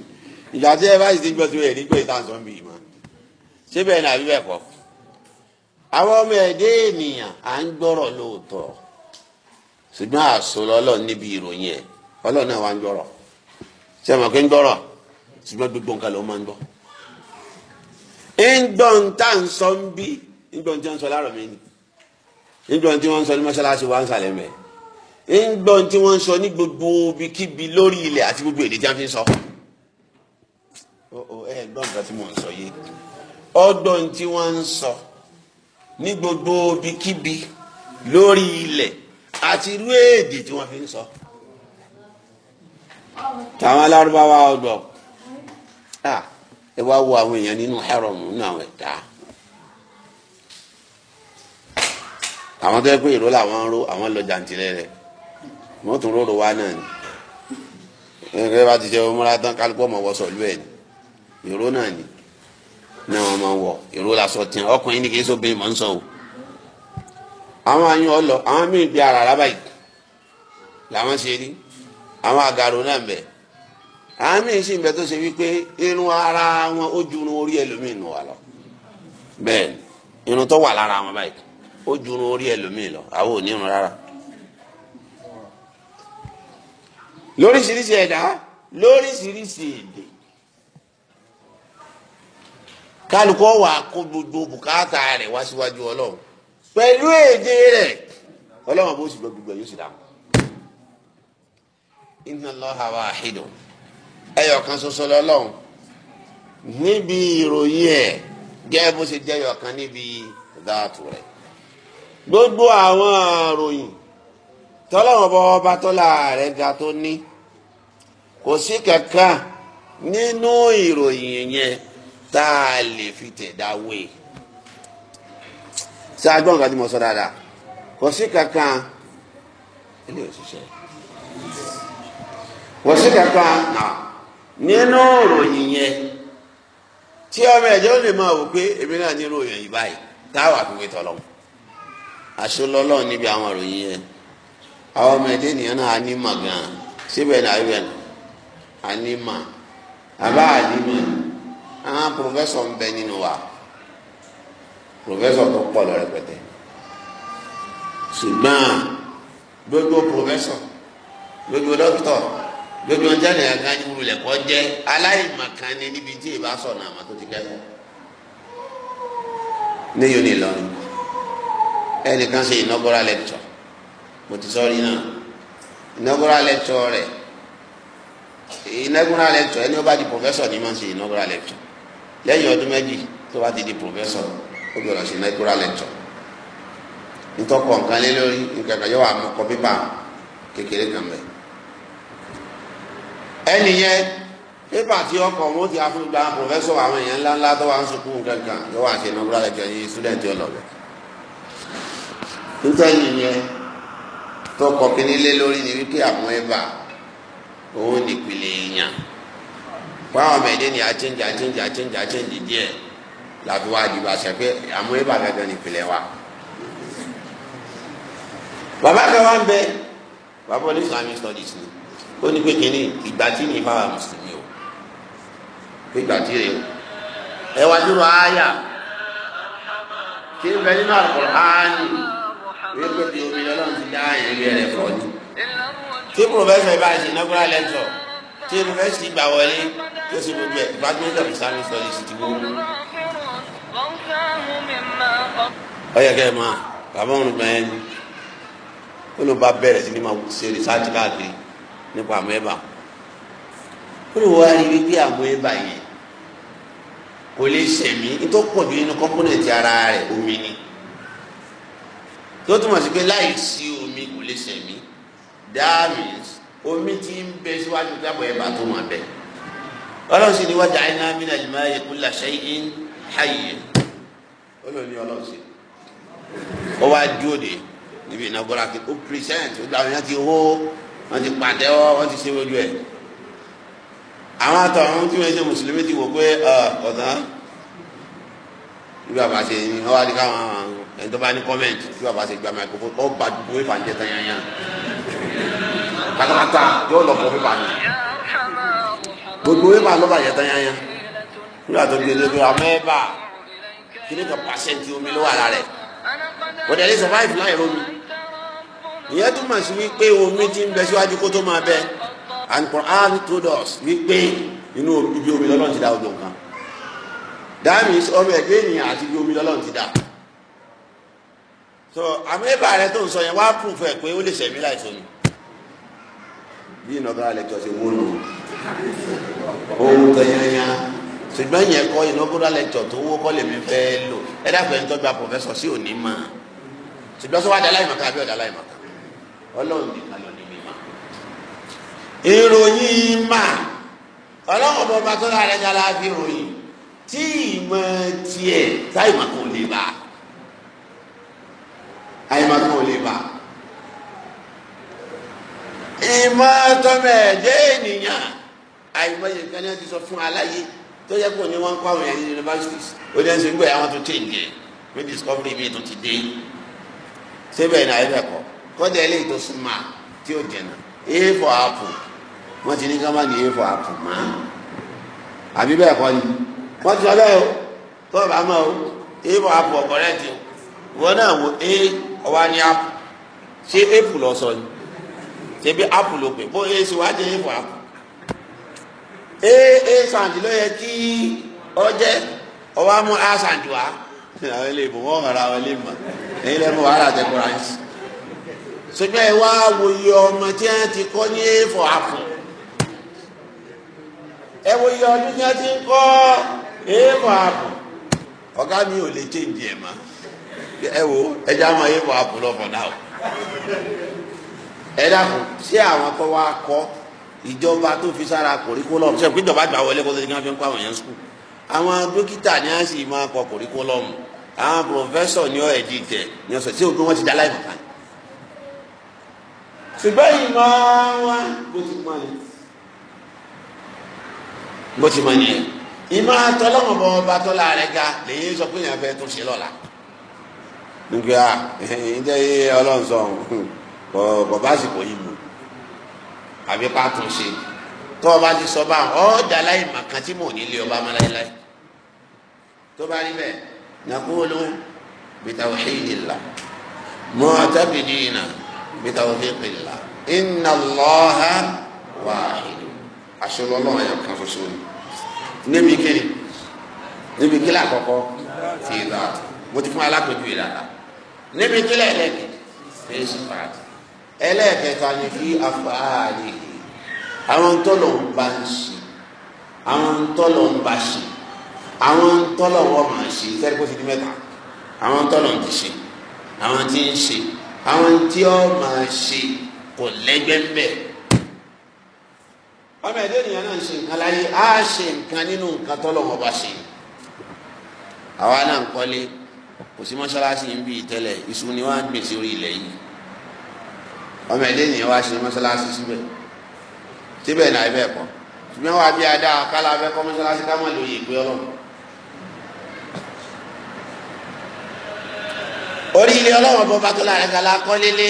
ìgbà tí ẹ bá sì ti gbọ́ sí ẹ̀ nígbà ìta sọ ń bì í mọ́ ṣé bẹ́ẹ̀ ni àbí bẹ́ẹ̀ kọ́ àwọn ọmọ ẹ̀dẹ́ ènìyàn à ń gbọ́rọ̀ lóòótọ́ ṣùgbọ́n àsọlọ ọlọ́run níbi ìròyìn ẹ̀ ọlọ́run náà wá ń gbọ́rọ̀ ṣé ẹ̀mọ̀ kí ń gbọ́rọ̀ ṣùgbọ́n gbogbo nǹkan ló máa ń gbọ́. ń gbọ́ ń tà ń sọ ń bí ń gbọ́ ń tí wọ́n sọ láàrọ̀ mi ni ń gbọ́ ń tí wọ́n sọ ní mọ́ṣáláṣí wa ń sàlẹ̀ mẹ́ ń gbọ́ ń tí wọ́n sọ ní gbogbo ibikíbi lórí ilẹ̀ àti gbogbo èdè tí wọ́n ń sọ ní gbogbo ibikíbi lórí ilẹ̀ àti irú èdè tí wọ́n fi ń sọ. tàwọn alárúbáwá ọ̀dọ̀ ẹ wá wo àwọn èèyàn nínú hẹ́rọ̀mù nínú àwọn ẹ̀dá. àwọn tó yẹ pé ìró làwọn ń ro àwọn lọ jàǹtìlẹ̀ rẹ̀ wọ́n tún róró náà ni ẹgbẹ́ bá ti jẹ́ ọmọlá tán kálukú ọmọ wọ sọ̀lú ẹ̀ ni ìró náà ni náà wọ́n máa ń wọ̀ ìró làṣọ tiẹ̀ ọkùnrin ni kì í sóbìnrin mọ̀ ń sọ o àwọn ayún ọlọ àwọn míì bí ara ara báyìí làwọn ṣe rí àwọn àgàrò náà bẹ àwọn míì sì ń bẹ tó ṣe wípé irun ara wọn ó ju irun orí ẹlòmíì nù wà lọ bẹ́ẹ̀ irun tó wà lára wọn báyìí ó ju irun orí ẹlòmíì lọ àwọn ò ní irun rárá lóríṣiríṣi ẹ̀dá lóríṣiríṣi èdè kálukọ́ wà kó gbogbo bùkátà rẹ̀ wá síwájú ọlọ́run pẹ̀lú èdè rẹ̀ ọlọ́run bó sì lọ gbogbo ẹ̀ yóò sì dà mọ́. Inna Allaha wahidun ẹyọkan ṣoṣo lọ́lọ́run níbi ìròyìn ẹ̀ gẹ́gẹ́ bó ṣe jẹ́ ẹyọkan níbi dáàtú rẹ̀ gbogbo àwọn àròyìn tọ́lọ́wọ́n bọ́ ọba tọ́lá rẹ̀ ga tó ní kò sí kankan nínú ìròyìn yẹn tá a lè fi tẹ̀dáwé. ṣáájú ọ̀gá tí mo sọ dáadáa kò kankan kankan nínú ìròyìn yẹn tí ọmọ ẹ̀jẹ̀ lè máa wò pé èmi náà ní ìròyìn báyìí táwa fi níbi àwọn ìròyìn yẹn àwọn ọmọ ẹ̀dẹ́ nìyẹn náà ní mà gan síbẹ̀ náà ibẹ̀ àbá wa. pòfẹ́sọ̀ tó pọ̀ lọ rẹpẹtẹ ṣùgbọ́n gbogbo pòfẹ́sọ̀ gbogbo dókítọ̀ gbogbo ọjà nìyà kan wúlò lẹ́kọ́ jẹ́ aláìmọ̀kan ni níbi tí ìbá sọ̀nà àmọ́ tó ti kẹ́kọ̀ọ́ ní yóni lọrin ẹnìkan ṣe inaugural lecture mo ti sọ rí náà inaugural lecture rẹ̀ inaugural lecture ẹni ó bá di professor ni máa ń ṣe inaugural lecture lẹ́yìn ọdún méjì tó bá ti di professor. ó gbọ́dọ̀ ṣe natural lecture ntọ́kọ̀ nǹkan lé lórí nǹkan kan yóò wà abụ kọ pépà kékeré kan bẹ̀. ẹnì yẹn pépà tí ọkọ̀ wọn ó ti afún gba pòfẹ́sọ̀ àwọn èèyàn ńláńlá tó wà ń nǹkan kan yóò wà ṣe yìí student yẹn tọkọ̀ kínní lé lórí ni àwọn ẹ̀bà òun nìpìlẹ̀ èèyàn báwọn díẹ̀. láti wá di bàṣẹ pé àmọ́ ibà gángan nípìnlẹ̀ wa. bàbá kan wá ń bẹ bàbá oní Islamic studies ni ó ní pé kínní ìgbà tí ní ìfáwà mùsùlùmí o ìgbà tí rè o ẹ wá dúró àyà kí n bẹ nínú Al-Qur'ani wípé bí omi lọ́lọ́run ti dá àyàn ilé rẹ̀ fọ́ ni tí professor ibà ṣe inaugural lecture tí university gbà wọlé tí ó sì gbogbo ẹ̀ ìbádùn ìjọba Islamic studies ti wó ọyọ kẹ máa bàbá òun bẹ́ẹ̀ ni ó ló bá bẹ̀rẹ̀ sí ni máa ṣe rìsáàtì káàkiri nípa àmọ́ ẹ̀bà ó lè wá rí wípé àmọ́ ẹ̀bà yẹn kò lè ṣẹ̀mí nítorí pọ̀ jù nínú ara rẹ̀ omi ni tó túmọ̀ sí pé láì sí omi kò lè ṣẹ̀mí that means omi ti ń bẹ síwájú kábọ̀ ẹ̀bà tó máa bẹ̀ ọlọ́run sì ni wájà iná náà lè máa yẹ kó làṣẹ yín hayye olórí ọlọ́sì ó wá dúró de níbi ìnagbọ́ra kí ó present ó gbà wọn ti hó wọn ti pàtẹ́wọ́ wọn ti ṣe lójú ẹ̀ àwọn àtọ̀ àwọn tí wọ́n ṣe mùsùlùmí ti wò pé ọ̀tán bí bàbá ṣe ní ọwọ́ àti káwọn ẹni tó bá ní kọ́mẹ̀ntì bí bàbá ṣe gba microphone ó bá dùkú wípé àǹjẹ́ tán yányá pátápátá yóò lọ bọ̀ wípé àná gbogbo wípé àlọ́ bàjẹ́ tán yányá nígbà tó gbé lóbi amẹ́bà kíni kan pàṣẹntì omi ló wà lára rẹ̀ kò dẹ̀ lè survive láì romi ìyẹn túmọ̀ sí wípé omi ti ń bẹ síwájú kó tó máa bẹ and Quran told us wípé inú ibi omi lọ́lọ́run ti dá odò kan dáàmì ọmọ ẹ̀gbẹ́ ènìyàn àti ibi omi lọ́lọ́run ti dá so amẹ́bà rẹ tó ń sọ yẹn wá proof ẹ̀ pé ó lè sẹ̀mí láì sọ̀rọ̀ bí ìnàgà lẹ́tọ̀ ṣe wó lò ó ń tẹ̀yẹ̀yẹ̀ ṣùgbọ́n yẹn kọ́ inaugural lecture tó wó kọ́ lèmi fẹ́ lò ẹ dàpọ̀ ẹni tó gba professor sí òní mà ṣùgbọ́n sọ wá dá láìmọ̀ká àbí ọ̀dá láìmọ̀ká ọlọ́run nìkan lọ ní mímọ́. ìròyìn mà ọlọ́run bọ́ bá tó lára ẹja la fi ròyìn tí ìmọ̀ tiẹ̀ táìmọ̀ kò lè bá àìmọ̀ kò lè bá ìmọ̀ tọ́mẹ̀ ẹ̀jẹ̀ ènìyàn àìmọ̀ yẹn kan wọ́n ti sọ fún aláyé. tó yẹ kó ní wọn kọ́ àwọn yẹn universities ó dẹ́n sọ àwọn tó change wey discovery mi tó ti dé síbẹ̀ ní ayélujára kọ́ kọ́jà eléyìí tó súnmọ́ tí ó a for apple wọ́n ti ní ká a for apple mọ́ àbí bẹ́ẹ̀ kọ́ ni wọ́n ti sọ bẹ́ẹ̀ o tó bá o for apple ọ̀kọ̀ rẹ̀ ti o wọn náà wo ee ọwa ní ṣé lọ sọ ni ṣé bí ló pè bó ṣe wá aa sound ló yẹ kí ọjẹ ọwọ́ amú a sound wá àwọn eléyìí bò wọ́n hàrà àwọn eléyìí mọ̀ èyí lẹ́nu wàhálà tẹ kura yín sọgbẹ́ ẹ wá wòye ọmọ tí wọ́n ti kọ́ ní ẹ ọdún tí ti kọ́ ọ̀gá mi ò lè ẹ̀ mọ́ ẹ wo lọ sí àwọn tó wá ìjọba tó fi sára kòríkólọ́mù sẹ́yìn pé ìjọba gbà wọlé kótó ní káfíń kó àwọn èèyàn skul àwọn dókítà ni a sì máa kọ kòríkólọ́mù àwọn pòfẹ́sọ̀ ni ọ̀ ẹ̀dí tẹ̀ ni ọ̀sẹ̀ tí òkú wọn ti dá láì màkà ni. ṣùgbọ́n ìmọ̀ wa bó ti mọ̀ ni bó ti mọ̀ ni ẹ̀ ìmọ̀ àtọ́lọ́mọ̀ bọ̀ ọba tó la rẹ̀ ga lèyí sọ pé èèyàn fẹ́ tún ṣe lọ́la. nígbà ẹ̀yìn jẹ́ ọlọ́run àbí ká tún ṣe tó o bá ti sọ bá ọ dà láì mà kan tí mò ń nílé ọba ọmọ láéláé tó bá rí bẹ́ẹ̀ nàkúlù bitawhidillah mu'tabidina bitawhidillah inna Allaha wahid aṣọlọ Ọlọ́run ẹyọ kan ṣoṣo ni níbi kíni níbi kílẹ̀ àkọ́kọ́ ti ìlà mo ti fún alákòjú ìlànà níbi kílẹ̀ ẹlẹ́kẹ̀ẹ́ fèsì pàtó ẹlẹ́ẹ̀kẹta ni fi àfààní àwọn tọ́lọ̀ ń bá ń ṣe àwọn tọ́lọ̀ ń bá ṣe àwọn tọ́lọ̀ wọ́n máa ṣe fẹ́rẹ́ kó fi di mẹ́ta àwọn tọ́lọ̀ ń ti ṣe àwọn tí ń ṣe àwọn tí ó máa ṣe kò lẹ́gbẹ́ńbẹ́ ọmọ ẹ̀dẹ́ ènìyàn náà ń ṣe nǹkan láyé á ṣe nǹkan nínú nǹkan tọ́lọ̀ wọn bá ṣe àwa náà ń kọ́lé kò sí mọ́ṣáláṣí ń bí ìtẹ́lẹ̀ ìṣù ni wọ́n gbèsè orí ilẹ̀ yìí ọmọ ẹdẹ nìyẹn wá ṣe mọ́sálásí síbẹ̀ síbẹ̀ náà ibẹ̀ kọ́ ṣùgbọ́n wà á bí adá kálá abẹ́ kọ́ mọ́sálásí ká mọ̀ lóye ìpè ọlọ́run. orí ilé ọlọ́run bó bá tó lára ẹ̀ka la kọ́ lélé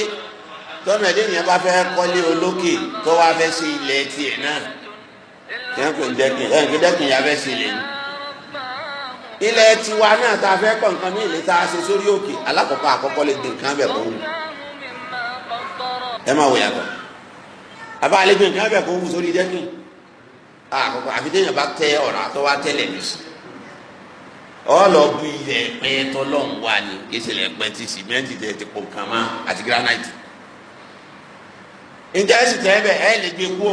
tọ́mọ ẹdẹ nìyẹn bá fẹ́ kọ́lé olókè tó wá fẹ́ ṣe ilẹ̀ tiẹ̀ náà kẹ́ńkùndẹ́kìn yà fẹ́ ṣe ilẹ̀ ni ilẹ̀ tiwa náà tá a fẹ́ kọ́ nǹkan ní ilé tá a ṣe sórí òkè alákọ̀ọ́kọ́ àkọ́kọ́ lè dín nǹkan bẹ̀ kọ́ wù. ẹ máa wò yàtọ̀ àbá àlejò nǹkan abẹ kó wù sórí bá tẹ ọrọ atọ wa tẹ́lẹ̀ mi ọlọ bu ilẹ̀ pẹ́ tọ́lọ́hún wà ní ìṣẹ̀lẹ̀ pẹ́ ti sìmẹ́ǹtì tẹ̀ ti pọ̀ kàn àti gíránáìtì njẹ́ ẹ sì ẹ lè gbé kú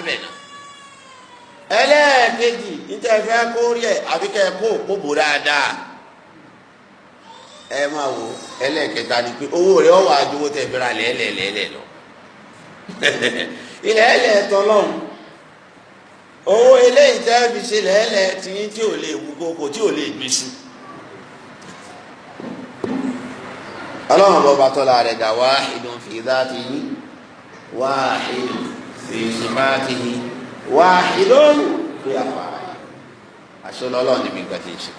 o ẹlẹ́ẹ̀kejì níta ẹ fẹ́ kó rí kó òpó dáadáa ẹ máa wò ẹlẹ́ẹ̀kẹta ni pé owó rẹ ọwọ́ àdúgbò tẹ fẹ́ra lẹ́ẹ̀lẹ́ẹ̀lẹ́ lọ ilẹ̀ ẹlẹ́ tọ́lọ́hún owó eléyìí tẹ́ fi ṣe lẹ́ẹ̀lẹ́ tiyín tí ò lè wú kókó tí ò lè gbèsù. ọlọ́run bọ́ bàtọ́lá rẹ̀ dà wá ìdùnfìdá ti yín wá ìdùnfìdá ti yín. wahidun fi af'ali àṣọ lọ́lọ́ níbi nǹkan tí ń ṣe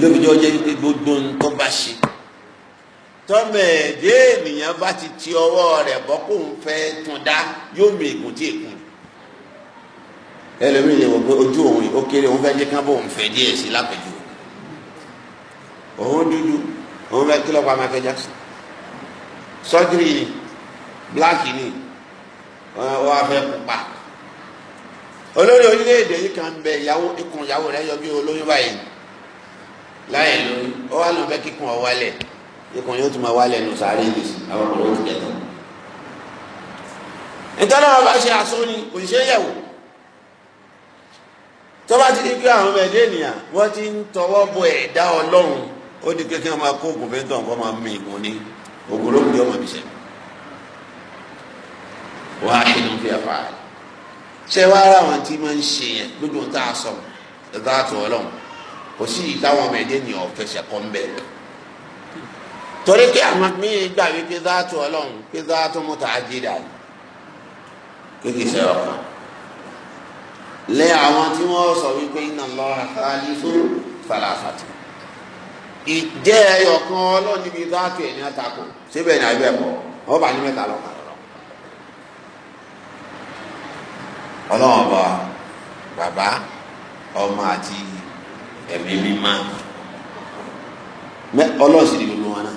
lóbi jọ jẹ́ pé gbogbo nǹkan bá ṣe tọ́mọ̀ ẹ̀dẹ́ ènìyàn bá ti ti ọwọ́ rẹ̀ bọ́ kó ń fẹ́ tún dá yóò mi ègùn tí èkún ẹlòmíì lè wọ pé ojú òun yìí ó kéré òun fẹ́ jẹ́ kábọ̀ òun fẹ́ díẹ̀ sí lápẹ̀jù òun dúdú òun fẹ́ kí lọ́pàá máa ni bíláàkì ni. wọ́n á fẹ́ pupa olórí orílẹ̀-èdè yìí kan bẹ ìyàwó ikùn ìyàwó rẹ̀ yọ olóyún báyìí láyé ó wà lóun fẹ́ kíkùn ọ wálẹ̀ ikùn yóò tún máa wálẹ̀ nù sáré ní àwọn ọmọ yóò tún jẹ tán. di pé àwọn ọmọ ẹ̀dẹ́ ènìyàn wọ́n ti ń tọwọ́ bọ ẹ̀dá di kékeré wàhálà ló ń fi ẹ̀fà rẹ̀ ṣé wàá rà wọn tí máa ń ṣe yẹn lójú tá sọ ẹ̀dá àti ọlọ́run kò sí yìí táwọn ọmọ ẹ̀dẹ́ ni ọ̀fẹsẹ̀ kọ́ ń bẹ̀ torí pé àwọn míì gbà wípé dáàtú ọlọ́run pé dáàtú mọ́tò àjẹdà ni kékeré sẹ́wọ̀n kan lẹ àwọn tí wọn sọ wípé iná lọ àkàlí fún falafati ìjẹ ẹyọkan ọlọ́ọ̀ni bíi dáàtú ẹ̀ ní àtakò síbẹ̀ ní abẹ́ ẹ̀kọ́ ọba ní mẹ́ta lọ́kàn ọlọ́wọ́n ọba bàbá ọmọ àti ẹ̀mí mímọ́ ọlọ́ọ̀sì ni gbogbo wọn náà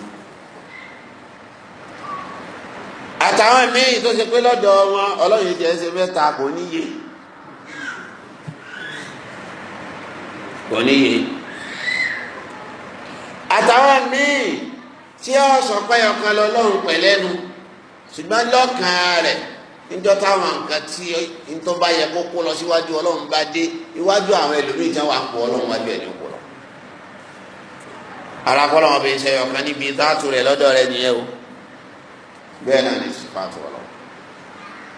àtàwọn míì tó ṣe pé lọ́dọ̀ wọn ọlọ́yin jẹ́ ṣe mẹ́ta kò níye kò níye àtàwọn míì tí ó sọ pé lọ́lọ́run pẹ̀lẹ́nu ṣùgbọ́n lọ́kàn rẹ̀ níjọ́ táwọn nǹkan tí nítorí bá yẹ kó kó lọ síwájú ọlọ́run bá dé iwájú àwọn ẹlòmíì tí wọ́n á kó ọlọ́run wájú ẹ̀ ní kó lọ. arakọ́lọ́ wọn bẹ ṣe ọ̀kan níbi táàtù rẹ̀ lọ́dọ̀ rẹ̀ nìyẹn o bẹ́ẹ̀ náà ní sípàtù ọlọ́run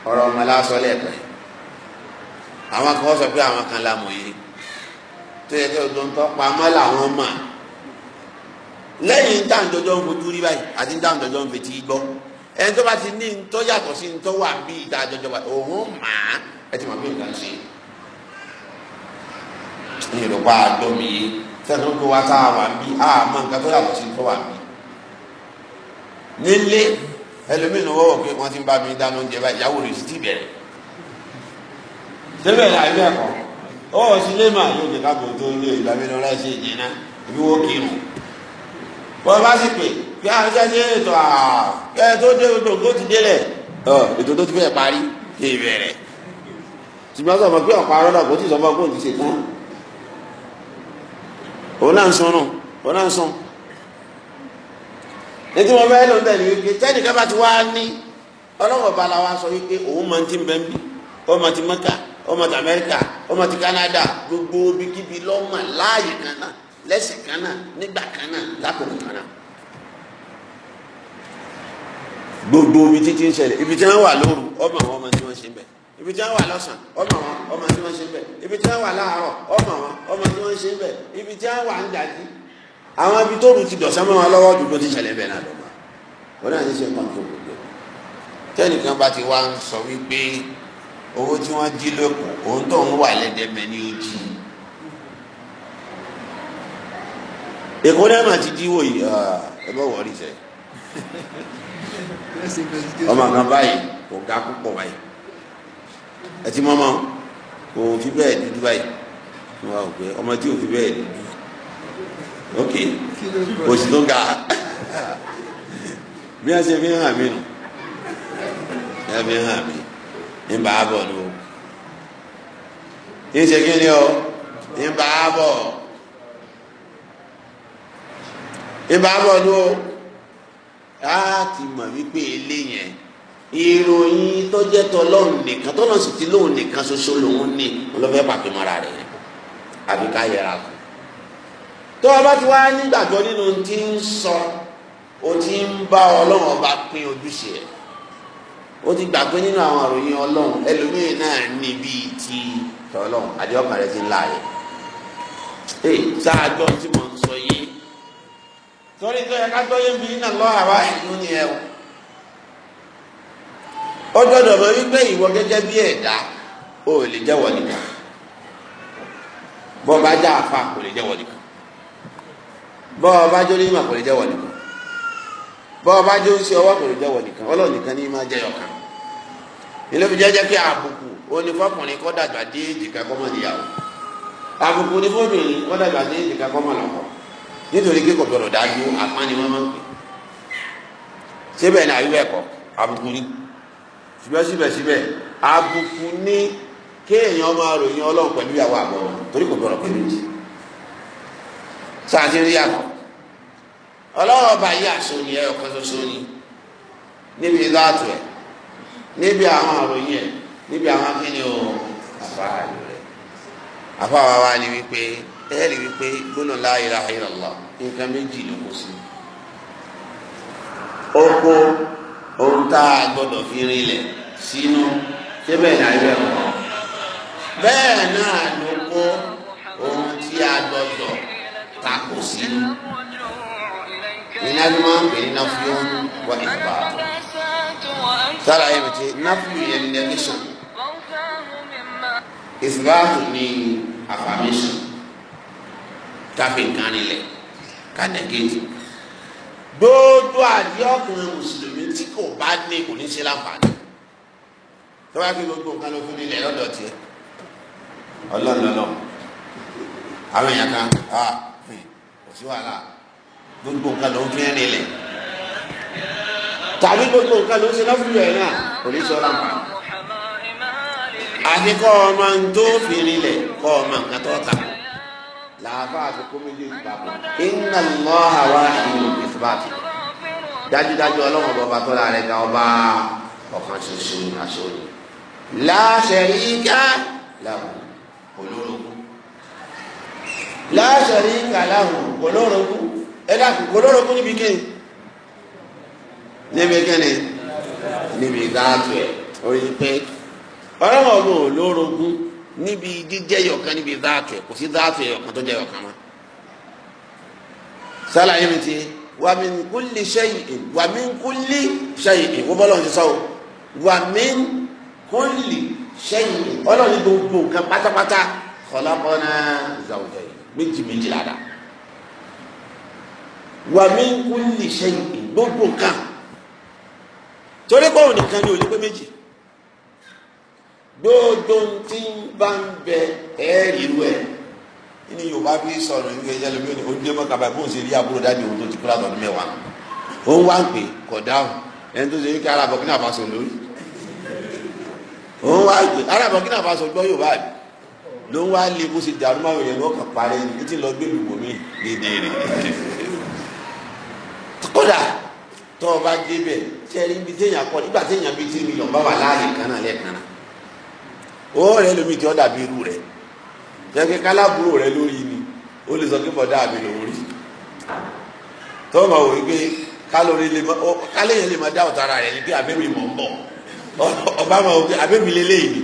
ọ̀rọ̀ ọmọ lásán lẹ́ẹ̀pẹ́ àwọn kan sọ pé àwọn kan la mọ̀ tó yẹ kí ọdún tó pamọ́ làwọn mọ̀ lẹ́yìn táǹdọ́jọ́ ń fojú rí báyìí ẹni tó bá ti ní ntọ́ yàtọ̀ sí ntọ́ wà bí ìta àjọjọba òun mà á ẹ ti mọ̀ bí nǹkan ṣe. ìrọ̀pá àgbọ̀ mi yé sẹ́ni tó wá tá a wà bí a mọ̀ nǹkan tó yàtọ̀ sí ntọ́ wà bí. nílé ẹlòmínú wọ́wọ́ pé wọ́n ti ń bá mi dáná oúnjẹ báyìí ìyàwó rẹ̀ sì ti bẹ̀rẹ̀. débẹ̀ láì bẹ́ẹ̀ kọ́ ó sì lé màá yóò jẹ káàbọ̀ tó lé ìlànà ìlànà bí a ṣe ṣe ètò àà kẹ tó dé gbogbo ti ọ ètò tó ti bẹ̀rẹ̀ parí kì í ṣùgbọ́n pé ọ̀pá kò tí kó ti ṣe tán náà ń náà ń ti wá ní ọlọ́wọ́ bala wa sọ wípé òun máa ń bẹ́ ń bí ó máa ti gbogbo bíkíbi láàyè kan náà lẹ́sìn kan náà nígbà gbogbo omi títí ń ṣẹlẹ̀ ibi tí wọ́n wà lóru ọmọ àwọn ọmọ tí wọ́n ṣe ń bẹ̀ ibi tí wọ́n wà lọ́sàn ọmọ àwọn ọmọ tí wọ́n ṣe ń bẹ̀ ibi tí wọ́n wà láàárọ̀ ọmọ àwọn ọmọ tí wọ́n ṣe ń bẹ̀ ibi tí wọ́n wà ń dàjí àwọn ibi tó rù ti dọ̀sán mọ́ wọn lọ́wọ́ ju tó ti ṣẹlẹ̀ bẹ́ẹ̀ náà lọ́mọ wọn náà ti ṣe kọ́ńtò gbogbo tẹ́nìkan bá ti wá ń sọ wípé owó tí wọ́n jí lóko òun tó ń ọmọ kan báyìí kò ga púpọ̀ báyìí ẹ ti mọ́mọ́ kò fi bẹ́ẹ̀ dúdú báyìí wọ́n á pè ọmọ tí ò fi bẹ́ẹ̀ dúdú ok kò sí tó ga bí wọ́n ṣe fi hàn mí nù ẹ fi hàn mí ń bá a bọ̀ ni o ń ṣe kí ni o ń bá a bọ̀ ń bá a bọ̀ ni o á ti mọ̀ wípé eléyẹn ìròyìn tó jẹ́ tọlọ́run nìkan tọ́lọ́run sì ti lóun nìkan ṣoṣo lòun ní ọlọ́fẹ́ pàpémọ́ra rẹ̀ àbí ká yẹra kù tó o bá ti wá nígbàgbọ́ nínú tí ń sọ o ti ń bá ọlọ́run ọba pín ojúṣe ẹ̀ o ti gbà pé nínú àwọn àròyìn ọlọ́run ẹlòmíràn náà ní bíi ti ọlọ́run àdéhùn kan rẹ ti ń láàyè. ṣáà gbọ́ tí mo ń sọ yìí torí tó yẹ ká gbọ́yé ń bi iná lọ́wọ́ àwa ìlú ni ẹ o ó gbọ́dọ̀ mọ wípé ìwọ gẹ́gẹ́ bí ẹ̀dá o ò lè jẹ́wọ́ nìkan bọ́ ọba já àfa kò lè jẹ́wọ́ nìkan bọ́ ọba jó ní ìmọ̀ kò lè jẹ́wọ́ nìkan bọ́ ọba jó sí ọwọ́ kò lè jẹ́wọ́ nìkan ọlọ́run nìkan ní ìmọ̀ jẹ́yọ̀ kan ilé fi jẹ́jẹ́ pé àbùkù ó ní fọkùnrin kọ́ dàgbà dé èjìká kọ́mọ níyàwó àbùkù ní fóbìnrin kọ́ dàgbà dé èjìká kọ́mọ lọ́kọ̀ọ́ nítorí pé kò gbọdọ̀ dájú apán ni wọ́n máa ń pè síbẹ̀ ní àyíwẹ̀ ẹ̀kọ́ àbùkù ni síbẹ̀síbẹ̀síbẹ̀ àbùkù ni kéèyàn máa ròyìn ọlọ́run pẹ̀lú ìyàwó àbọ̀ torí kò gbọdọ̀ pẹ̀lú ìjì sáàtì rí àná ọlọ́run ọba yìí àṣọ ni ẹ̀ ọ̀kan ṣoṣo ni níbi ìdáàtò ẹ̀ níbi àwọn àròyìn ẹ̀ níbi àwọn akíní o àfáà rẹ̀ àfáà wa wá ní wípé ẹ̀ẹ́rì wípé gbóná la ilaha illallah nǹkan méjì ló kó sí ó kó ohun tá a gbọdọ̀ fi rinlẹ̀ sínú ṣé bẹ́ẹ̀ náà bẹ́ẹ̀ kọ́ bẹ́ẹ̀ náà ló kó ohun tí a gbọdọ̀ takò sínú ìnáwó máa ń pè ní náfíò wà ìgbà sára yẹn ti náfíò yẹn ní negation ìsìláàmù ní affirmation tàbí nǹkan nílẹ̀ ká nẹgẹtì gbogbo àdé ọkùnrin mùsùlùmí tí kò bá ní kò ní ṣe láǹfààní tó bá fi gbogbo nǹkan ló fún nílẹ̀ lọ́dọ̀ tiẹ̀ ọlọ́ọ̀lọ́lọ́ àwọn èèyàn kan kò sí wàhálà gbogbo nǹkan ló ń fi nílẹ̀ tàbí gbogbo nǹkan ló ń ṣe lọ́fíìlì ẹ̀ náà kò ní ṣe láǹfààní àti kọ́ ọmọ tó fi nílẹ̀ kọ́ ọmọ nǹkan tó ta làáfà àfikún méjèèjì papọ̀ inna Allaha wahidun ithbat dájúdájú ọlọ́run bọba tó la rẹ̀ ga ọba ọ̀kan ṣoṣo aṣọ ni la sharika lahu olórogún la sharika lahu olórogún ẹ dàkú olórogún níbi kéyìn níbi kíni níbi gáàtù ẹ oyin pé ọlọ́run ọ̀gbọ́n olórogún níbi jíjẹ́ yọ̀kan níbi dáàtọ̀ kò sí dáàtọ̀ yọ̀kan tó jẹ́ yọ̀kan mọ́ sálàyé mi ti wàmín kúlì ṣẹ́yìn wàmín kúlì ṣẹ́yìn wọ́n bọ́ lọ́wọ́ ti sọ́wọ́ wàmín kúlì ṣẹ́yìn ọlọ́run gbogbo nǹkan pátápátá kọ̀lápọ́nà zàwùjẹ́ méjì méjì ládàá wàmín kúlì ṣẹ́yìn gbogbo nǹkan torí pé òun nìkan ni ò ní pé méjì gbogbo tí ń bá ń bẹ ẹ̀ẹ́rì rú ẹ̀ nínú yorùbá bí sọ̀rọ̀ nígbà ìjà lómi ò ní ọmọ kaba bóun ṣe rí àbúrò dáàbì òun tó ti kúrò àtọ̀dún mẹ́wàá ó ń wá ń pè kọ̀ dáhùn ẹni tó ṣe wípé ara burkina faso lórí ó ń wá ń pè ara burkina faso gbọ́ yorùbá bí ló ń wá lé bó ṣe dàrú máa yẹn ló parẹ́ ní ti lọ gbé lùgbò mi dédé rẹ̀ kódà tó o bá débẹ̀ tẹ́rí ibi téèyàn kọ́ nígbà téèyàn bíi tí mi lọ bá wà láàyè kan náà lẹ́ẹ̀kan náà o rẹ lómi tí ó dàbí irú rẹ jẹ́kẹ́ kálábùrò rẹ lórí ni ó lè sọ pé bọ̀dá àmì lòún rí tó ma wò wípé kálórí ma káléyìn lè ma dá ọ̀tá rẹ ọba ma wò pé abẹ́mi lélẹ́yìn ni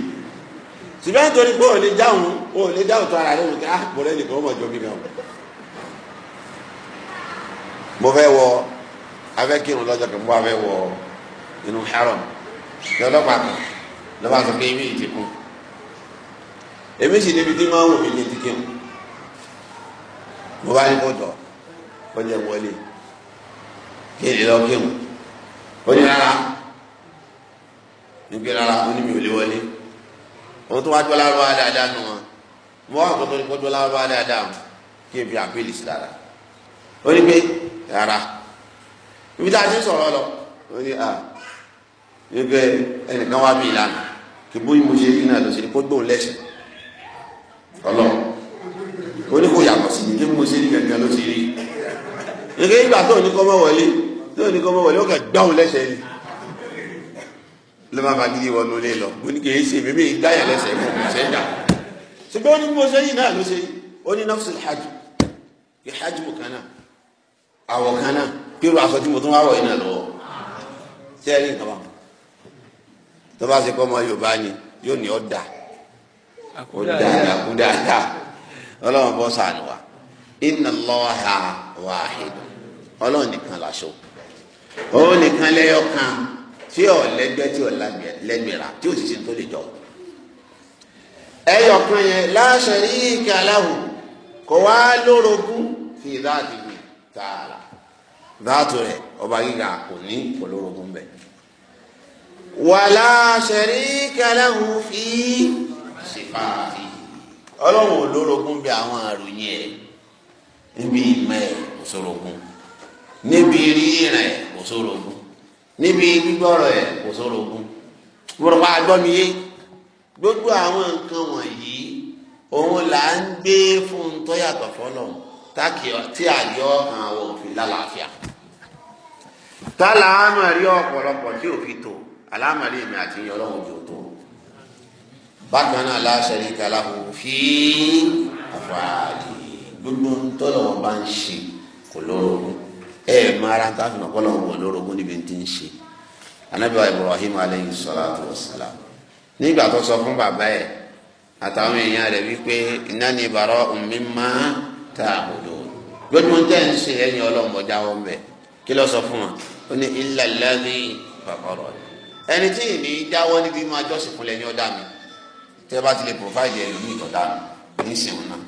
ṣùgbọ́n nítorí pé ò lè dáhùn ò lè dá ọ̀tá rẹ wò ah, jọ náà mo wọ kan mo wọ inú ní kan sọ pé ibi ìdìkú. èmi sì débi tí máa ń wò mí ní tìkì mo bá ní kó tọ̀ kó jẹ́ wọlé kí ni lọ kí mu ó ní rárá nígbè rárá ó ní mi ò lè wọlé òun tó wá jọ lárúbá dáadáa nù wọn mo wá àkótó ní kó jọ lárúbá dáadáa mu kí n fi àpèlè sí dára ó ní pé rárá ibi tá a ti ń sọ̀rọ̀ lọ ó ní à nígbè ẹnìkan wá bí ìlànà kí bóyá mo ṣe rí náà lọ sí ni kó gbóhùn lẹ́sìn ọlọ́run ó ní kó yàtọ̀ sí mi kí mo ṣe rí gẹ́gẹ́ ló ṣe rí gẹ́gẹ́ ìgbà tó ní kọ́ mọ́ wọlé tó ní kọ́ mọ́ wọlé ó kàn gbáhùn lẹ́sẹ̀ ni ló máa fagídí wọnú ilé lọ mo ní kì í ṣe mímí dáyà lẹ́sẹ̀ mo kì í dà ṣùgbọ́n ní mo ṣe náà ló ṣe ó ní nafsul hajj kì hajj mo kàn náà àwọ̀ kan náà pẹ̀lú aṣọ tí mo tún wá wọ̀ yìí náà lọ́wọ́ ṣé ẹ tó bá ṣe kọ́ ọmọ Yorùbá ni yóò ní ọ́ dáa ó dáadáa kú dáadáa sànù wa lọ Allaha wahid ọlọ́run nìkan làṣọ òun nìkan l'ẹyọkan tí ò lẹgbẹ tí ò lẹ́gbẹ̀rà tí ò sì tó lè jọ yẹn la sharika lahu kò wá lórogún fi dhatihi ta'ala ọba gíga kò ní bẹ fi. fàáfi ọlọ́run olórogún bí àwọn àròyìn ẹ̀ níbi ìmọ̀ ẹ̀ kò sórogún níbi rírìn ẹ̀ kò sórogún níbi gbígbọ́rọ̀ ẹ̀ kò sórogún gbọ́dọ̀ pa gbọ́mi yé gbogbo àwọn nǹkan wọ̀nyí òun là ń gbé fún un tó yàtọ̀ fọlọ́run tí àjọ àwọn òfin lálàáfíà tá làámọ̀ rí ọ̀pọ̀lọpọ̀ tí òfin tò àlámọ̀ rí èmi àti ìyọlọ́run jò tó bákan náà la sharika lahu fi àfààní gbogbo ntọ́lọ̀ wọn bá ń ṣe kò lórogún ẹ máa ra ta fún ọpọlọ wọn lórogún níbi tí ń ṣe anabi wa ibrahim aleyhi salatu wa salam nígbà tó sọ fún bàbá ẹ àtàwọn èèyàn rẹ wípé innani bara'un mimma ta'budun gbogbo ntẹ ń ṣe ẹyin ọlọmọdé àwọn bẹ kí ló sọ fún wa ó ní illa alladhi fatarani ẹni tí ì jáwọ́ níbi máa jọ́sìn fúnlẹ̀ ní ọ̀dà mi tẹ́ bá ti lè provide ẹ̀rọ ní ìtọ́ta ní ìsìnkú náà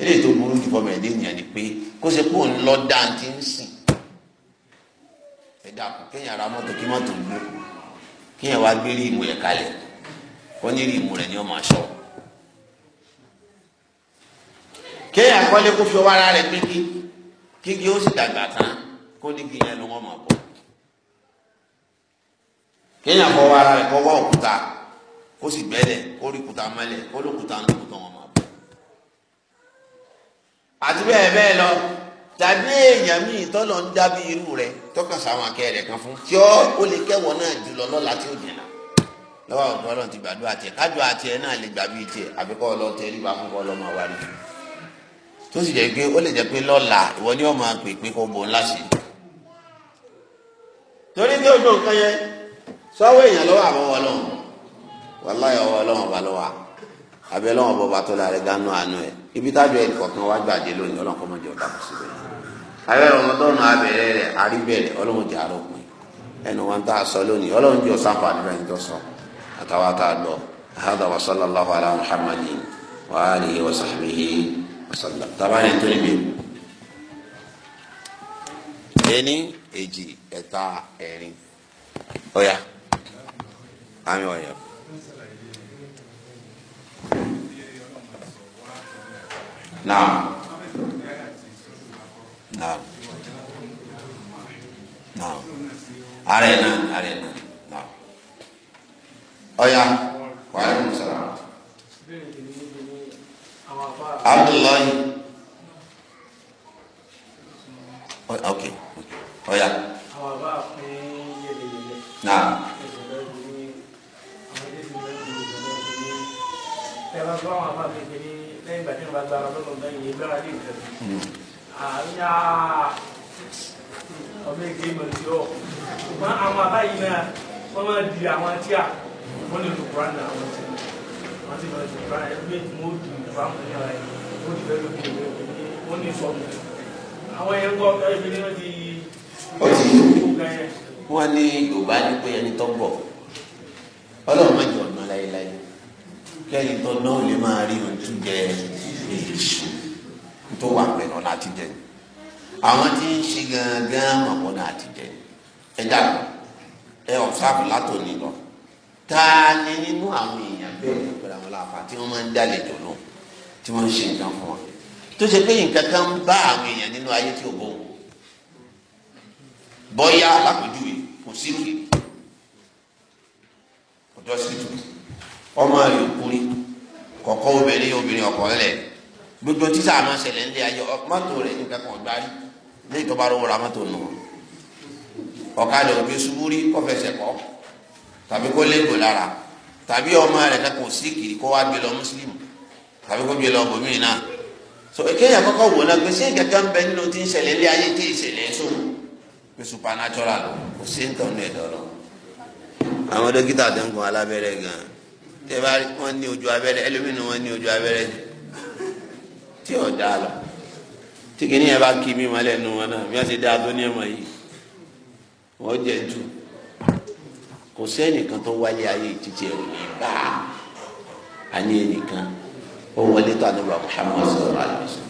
eléyìí tó burú jù fọmọ ẹ̀dẹ́ ènìyàn ni pé kó ṣe pé òun lọ dá ti ń sìn ẹ̀dá kù kéèyàn ara mọ́tò kí mọ́tò ń gbó kéèyàn wá gbé ríìmù rẹ̀ kalẹ̀ kọ́ ní ríìmù rẹ̀ ni ó máa ṣọ́ kéèyàn kọ́lé kó fi ọwọ́ ara rẹ̀ pínpín kígi ó sì dàgbà tán kó nígi yẹn ló wọ́n mọ̀ bọ̀ kéèyàn kọ́ ọwọ́ ara rẹ̀ kọ́ wọ́ òkúta kó sì gbẹ́lẹ̀ kó rí kúta mọ́lẹ̀ kó ló kúta ńlọ kúta wọn máa bọ̀. àti bẹ́ẹ̀ bẹ́ẹ̀ lọ tàbí èèyàn míì tọ́lọ̀ ń dábí irú rẹ̀ tọ́ka sáwọn akẹ́ rẹ̀ kan fún tí ó ó lè kẹ́wọ̀ náà jùlọ lọ́la tí ó dènà lọ́wọ́ ọ̀dọ́ ọlọ́run ti gbàdúrà tiẹ̀ kájọ́ àtiẹ̀ náà lè gbà bíi tiẹ̀ àbí kọ́ ọlọ́tẹ rí bá fún kọ́ ọlọ́mọ àwárí tó sì jẹ́ pé ó lè jẹ́ pé lọ́la ìwọ ni ó máa pè pé kó bò ńlá sí i torí tí ó dùn yẹn sọ́wọ́ èèyàn lọ́wọ́ àbọ̀wọ̀ ọlọ́run wàláyà ọwọ́ ọlọ́run ọba ló wà abẹ́ ọlọ́run ọba ọba tó la rẹ̀ gánú àánú ẹ̀ ibi tájọ ẹnì kọ̀ọ̀kan wá gbàdé lónìí ọlọ́run kọ́ mọ̀jọ ọ̀dà kò síbẹ̀ abẹ́ ọmọdọ́nù abẹ́rẹ́ rẹ̀ arígbẹ̀rẹ̀ ọlọ́run jẹ́ àròpin ẹnu wọn tá a sọ lónìí ọlọ́run jẹ́ ọ̀sánfà nígbà yẹn tó sọ àtàwọn tá a lọ ahadà wa sallallahu ala muhammadin wa alihi wa sahbihi wa sallam tabani tó níbi ẹni èjì ẹ̀ta ẹ̀rin ọ̀ya àmì wọ̀nyẹn. نعم نعم نعم علينا علينا نعم أيا وعليكم السلام عبد الله Mm-hmm. àwọn tí ń ṣe gangan mọ̀kànlá àtijẹ́ ẹ dàgbà ẹ ọ̀sáàfù látòní lọ ta ni nínú àwọn èèyàn bẹ́ẹ̀ ní pẹ̀lú àwọn làpá tí wọ́n máa ń dálejò lọ tí wọ́n ń ṣe nǹkan fún wọn tó ṣe pé nǹkan kan ń bá àwọn èèyàn nínú ayé tí ò bọ̀ wọn bọ́yá alákòjúwe kò sí rí ọjọ́ sí tù ọmọ rẹ̀ ọkùnrin kọ̀ọ̀kan obìnrin obìnrin ọ̀kọ̀ lẹ̀ gbogbo títà máa ṣẹlẹ̀ ńlẹ̀ ayé mọ́tò rẹ̀ nǹkan kan ọ̀gbá ní ìtọ́ba rówó ra mọ́tò nù ọ̀kadà òbí ṣubú rí kọfẹsẹ̀ kọ́ tàbí kó légbò lára tàbí ọmọ rẹ̀ kẹ́kọ̀ sí kiri kó wá gbé lọ mùsùlùmí tàbí kó gbé lọ bòmíì náà so èkéyà kọ́kọ́ wò náà gbèsè kẹ̀kẹ́ ń bẹ nínú tí ń ṣẹlẹ̀ ilé ayé tí ìṣẹ̀lẹ̀ ń sòwò pé supernatural lọ kò sí ń tọ́nu ẹ̀dọ́ lọ. àwọn dókítà tó ń gun alábẹ́rẹ́ gan-an tẹ́ bá wọ́n ní ojú abẹ́rẹ́ ẹlòmínú wọ́n ní ojú abẹ́rẹ́ tí ò lọ tí kìíní yẹn bá kí mi mọ́ lẹ́nu wọn náà bí wọ́n ṣe dá tó ní ẹ̀mọ́ yìí wọ́n jẹ́ jù kò sẹ́nìkan tó wáyé ayé jíjẹ òní bá a ní ẹnìkan ó wọlé tó àná bá Muhammad sọ̀rọ̀ àlùsọ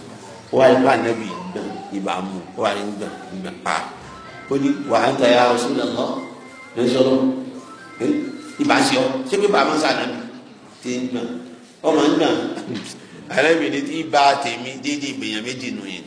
ó wáyé bá ànábì gbọ̀n ìbámu ó wáyé gbọ̀n gbọ̀n pa ó ní wàá ya tẹ̀yà ọ̀ṣun lọ́wọ́ lọ́sọ̀rọ̀ eh, ìbá ṣe ọ ṣé pé bàbá sàn nàbì tí ń gbọ̀n ọmọ ń gbọ̀n àlẹ́ mi ni tí bá tèmi déédéé ìgbìyànjú méjì nù yẹn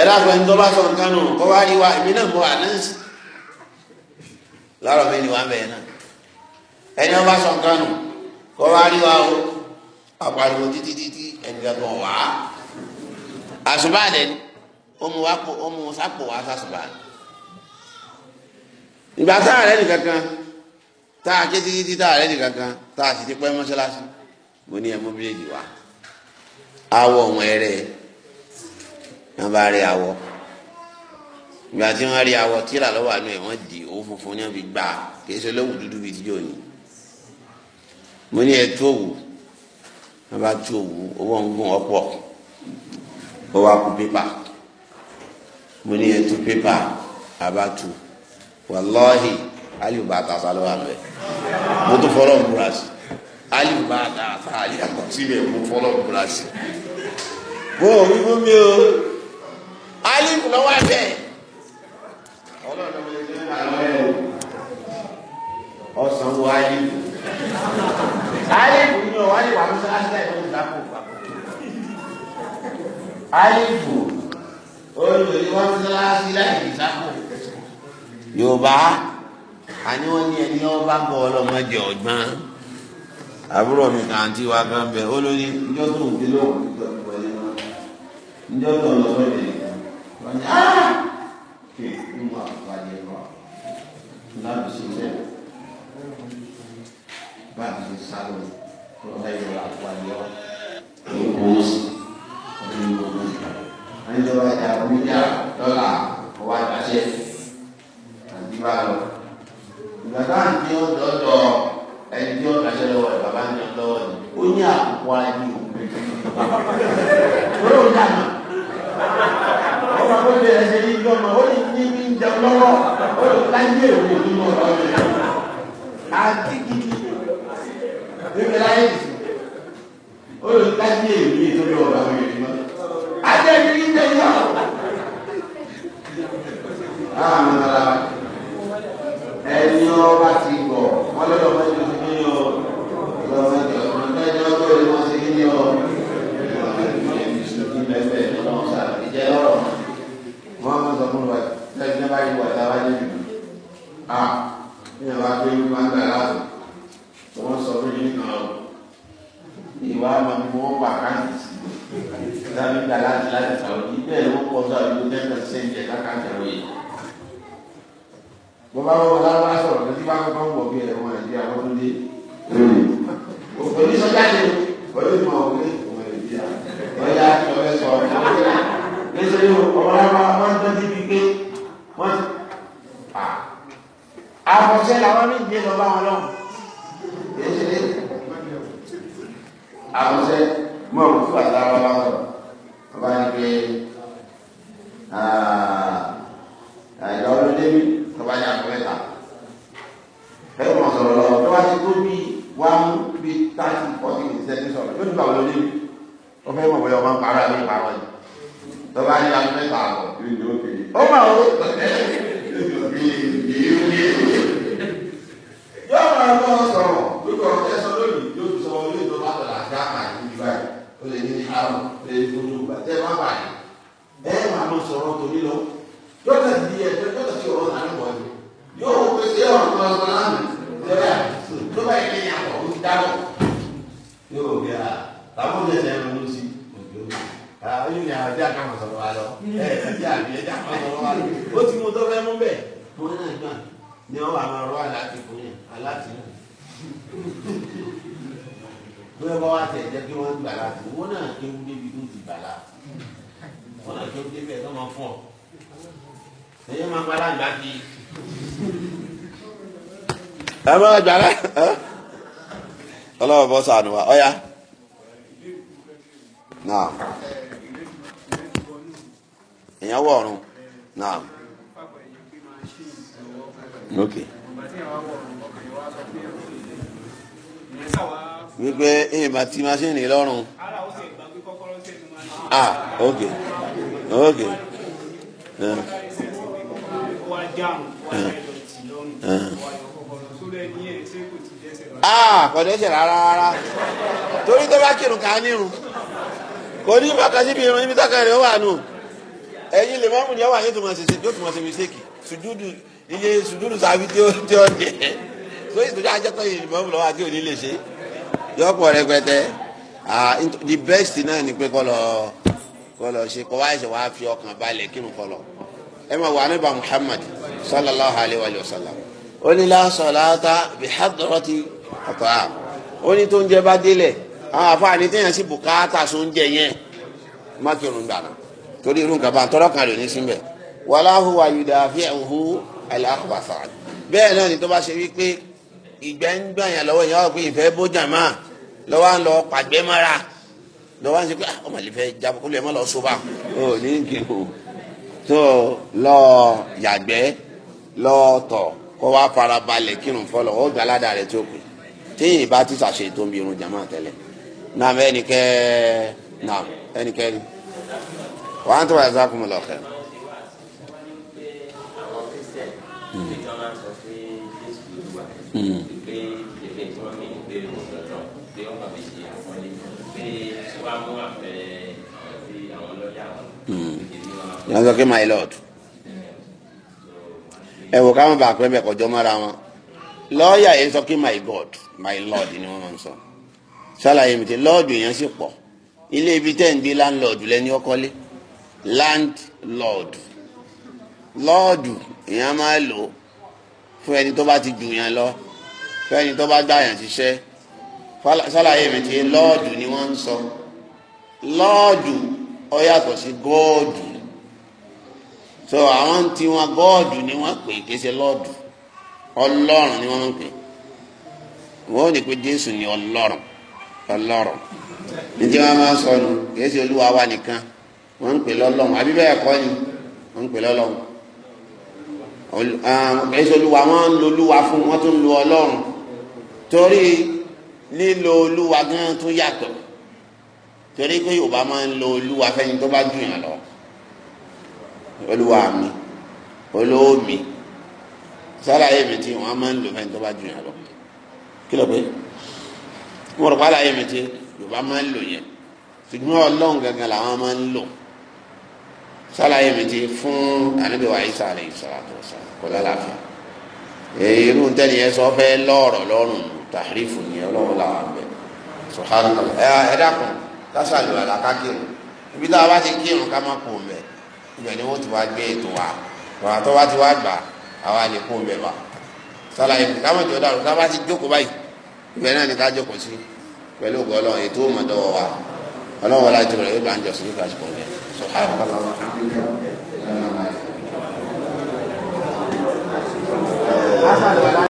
ẹ̀dá pẹ̀lú tó bá sọ nǹkan nù kó wá rí wa èmi náà mọ àníṣe lọ́rọ̀ mi ni wà bẹ̀rẹ̀ náà ẹni wọn bá sọ nǹkan nù kó wá rí wa o àpàlùwò títí títí ẹni kankan wà á àṣùbà dẹ̀ ni ó mu sápò wá sàṣùbà ìgbà táà rẹ̀ nìkan kan táà ké títí títí táà rẹ̀ nìkan kan táà sì ti pẹ́ mọ́ṣáláṣí mo ní ẹ̀ mú bíréèdì wá awọ ọ̀hún ẹ̀rẹ́ ẹ̀ wọ́n bá rí awọ ìgbà tí wọ́n rí awọ tíra lọ́wọ́ àánú ẹ̀ wọ́n di owó funfun ní wọ́n fi gbà kì í ṣe olówó dúdú bíi tíjọ́ ni mo ní ẹ tó òwú wọ́n bá tó òwú owó ń gùn ọ̀pọ̀ ó wá kú pépà mo ní ẹ tú pépà àbátú wàlọ́hì aliu bá ta sálọ́ wà mẹ́ mo tún fọlọ́ múra sí aliu bá ta sálọ́ aliu àkọsílẹ̀ mo fọlọ́ múra sí. bó o wí fún mi o. ali lọ́wọ́ abẹ́ ọ̀sán wo alifu alifu ni ọ̀ ali àní wọn ní ẹni ọba bọ ọlọmọdé ọgbọ́n àbúrò mi kàn ti wá gán ìjọ tó ń gbé ìjọ tó ń lọ wọn ni ah kí n mú àfàyè lọ láti ṣiṣẹ́ bá a ti sáré tó lẹ́yìn àfàyè lọ kó o sì ọdún yìí wọn ni wọn ni lọ́wọ́ ẹ̀dá mídíà dọ́là ọwọ́ àdáṣe àti bá a lọ ìgbà táwọn ti ń dọ́dọ̀ ẹni tí ó dáṣẹ́ lọ́wọ́ ẹ̀ bàbá ń jẹun lọ́wọ́ ni ó ní àpò ayé òun. Olóòótọ́ àná ọ̀rọ̀ kan tó lè ẹsẹ̀ yìí lọ́mọ ó ní ní bí ń jẹun lọ́wọ́ ó lè láyé òwe nínú ọ̀rọ̀ rẹ̀ àti gidi láyé jù ó lè láyé òwe tó lè ọ̀rọ̀ rẹ̀ nínú àjẹgìrì jẹ yọ. ẹni ọba ti gbọ́ wọn lọ́dọ̀ mẹ́jọ ti ní ọ lọ́dọ̀ mẹ́jọ. láyé wà tára yé mi a ní ìyàwó akéwì máa ń gbà láàbò tí wọ́n sọ fún yín kan ìwà máa ń mú wọn pa káàkiri sí ìdájọ́ gbà láti láti sàwọn yìí bẹ́ẹ̀ ló pọ̀ sọ àdúgbò ten percent jẹ káàkiri àwọn yìí. bó bá wọn lára wá sọ̀rọ̀ lọ́sí bá kọ́kọ́ ń wọ̀ bí ẹ̀rọ nàìjíríà wọ́n tún dé. òní sọ́jà ni olóògbé ọ̀gbìn ọmọ nàìjíríà ọ̀yà ọ̀rẹ́ sọ̀rọ̀ nítorí ọmọ lára wọn tọ́jú bíi pé wọ́n ti à àfọ̀ṣẹ́ làwọn méjì ní lọ́ba wọn lọ́wọ́ yéṣe àfọ̀ṣẹ́ mọ̀ òkú àtàwọn bá wọn bá ní pé ìgbà ọdún débi tọ́ba ní àpò mẹ́ta ẹ̀rọ mọ̀ sọ̀rọ̀ lọ́wọ́ tó bá ti tó bí wàá mú bí táàkì pọ̀tì ní sẹ́ni sọ̀rọ̀ yóò ní bàbá lóde ó fẹ́ mọ̀ bóyá ọmọ ń parọ́ àbí ìparọ́ yìí tọ́ba ní àpò mẹ́ta àbọ̀ yóò ní òkè ó mà ó yóò máa mọ sọ̀rọ̀ lóko ọ̀tẹ́ sọ lónìí yóò tún sọ ilé ìjọba àtàlà àti àmàlí ní báyìí ó lè ní àrùn lè ní fojú gbàtẹ́ má báyìí ẹ máa mọ sọ̀rọ̀ torí lọ yóò tẹ̀ di ẹ̀ pé yóò tẹ̀ ti ọ̀rọ̀ nàní bọ̀ ni yóò wọ pé ṣé ọ̀rọ̀ tó ọ̀rọ̀ náà nì lọ́dà tó bá yẹ kéèyàn kọ̀ ó ti dábọ̀ yóò bí a làwọn ọ̀dẹ̀ ẹ̀ ń mú sí ó ní àwọn ẹja ká máa ti mú tọ́fẹ́ mú bẹ́ẹ̀ mo náà ni wọ́n wà máa rọ́ aláàtì fún yẹn aláàtì náà bí wọ́n bá wá tẹ̀ jẹ́ kí wọ́n gbà láti wọ́n náà kéwú débi tó ti gbà wọ́n náà kéwú débi ẹ̀ tó máa fún ọ ẹ̀yẹ́ máa gbá láǹgbá kí. ẹ máa gbà lá ọlọ́wọ́ bọ́ sànù wa ọ̀ya èèyàn wọ ọ̀run náà ok. wípé èèmà tí maṣíìnì lọ́rùn ah ok ok. Ah, kò dẹ́sẹ̀ rárá rárá torí tó bá kírun ká nírun kò ní bàtà síbi irun ibi tọ́ka rẹ̀ ó wà nù ẹ̀yin lè máa mú yàwó àyè tó máa ṣe yóò tó máa ṣe mistake sùdúdù iye sùdúdù sàbí tí ó tí ó jẹ so ìtòjú ajẹ́pẹ́ yìí ìmọ̀ lọ́wọ́ àti òní lè ṣe yọ̀pọ̀ rẹpẹtẹ the best náà ni pé kọ́ lọ kọ́ lọ ṣe kọ́ wáyé ṣe wàá fi ọkàn balẹ̀ kírun kọ́ lọ ẹ máa wà nípa Muhammad sallallahu alayhi wa sallam ó ní la salata bi hadrati at'am ó ní tó ń jẹ bá délẹ̀ àwọn àfààní téèyàn sì bùkátà sóúnjẹ yẹn má kírun gbàdán torí irú nǹkan bá ń tọ́lọ́ kan lò ní síbẹ̀ wàláhù àyùdà àfihànhù aláàbàṣà bẹ́ẹ̀ náà ni tó bá ṣe wípé ìgbẹ́ ń gbàyàn lọ́wọ́ ìyá ọ̀pẹ ìfẹ́ bójà máa lọ́wọ́ à ń lọ pàgbẹ́ mọ́ra lọ́wọ́ à ń ṣe pé ah, ọmọ ìlú fẹ́ jábọ̀ kó lè má lọ sóbà ò ní kí o tó lọ yàgbẹ́ lọ tọ̀ kó wá fara balẹ̀ kírun fọlọ̀ ó gbà ládàá rẹ̀ tó pè téèyàn bá ti ṣàṣe tó ń bi irun jàmáà tẹ́lẹ̀ náà ẹnikẹ́ni náà ẹnikẹ́ni wà á tó wà ẹ̀zákùn lọ kẹ́. my lord ẹ wò ká má bàa pẹ́ bẹ́ẹ̀ kọjọ́ mọ́ra wọn lọ́ọ̀yà yẹn sọ kí my god my lord ni wọ́n máa ń sọ ṣàlàyé mi ti lọ́ọ̀dù yẹn sì pọ̀ ilé ibi tẹ́ ń gbé láńlọ́ọ̀dù lẹ́ni ọkọ́lé landlord lọ́ọ̀dù èèyàn máa lò ó fún ẹni tó bá ti jù yàn lọ fún ẹni tó bá gbà yàn ṣiṣẹ́ sálàyé mi ti lọ́ọ̀dù ni wọ́n ń sọ lọ́ọ̀dù ó yàtọ̀ sí gọ́ọ̀dù so àwọn tí wọn gọ́ọ̀dù ni wọ́n pè kì í ṣe lọ́ọ̀dù ọlọ́run ni wọ́n ń pè wọ́n ò ní pé jésù ni ọlọ́run ọlọ́run ní tí wọ́n máa ń sọ nù kì olúwa wa nìkan wọ́n ń pè lọ́lọ́run àbí bẹ́ẹ̀ kọ́ ni wọ́n ń pè lọ́lọ́run ẹ̀sọ́ olúwa wọ́n ń lo olúwa fún wọ́n tún ń lo ọlọ́run torí lílo olúwa gan tún yàtọ̀ torí pé yorùbá máa ń lo olúwa fẹ́ni tó bá jù yàn lọ olúwa mi olówó mi sálàyé mi tí wọ́n máa ń lo fẹ́ni tó bá jù yàn lọ kí ló pé mo rò pé mi tí yorùbá máa ń lò yẹn ṣùgbọ́n ọlọ́run gangan làwọn máa ń lò. sálàyé mi ti fún ànábì wa Isa alayhi salatu wa salam kò lálàáfíà irú tẹ́lẹ̀ yẹn sọ ni subhanallah ẹ lásàlù àlàkà kírun ibi tá a bá ti kírun ká má kó o mẹ ni ti wá gbé ètò wa wàá tó wá ti wá gbà àwa lè kó o wa sálàyé mi káwọn ti jókòó báyìí ibẹ̀ náà ni ká jókòó sí ètò wa yóò bá ń subhanallah wa bihamdika.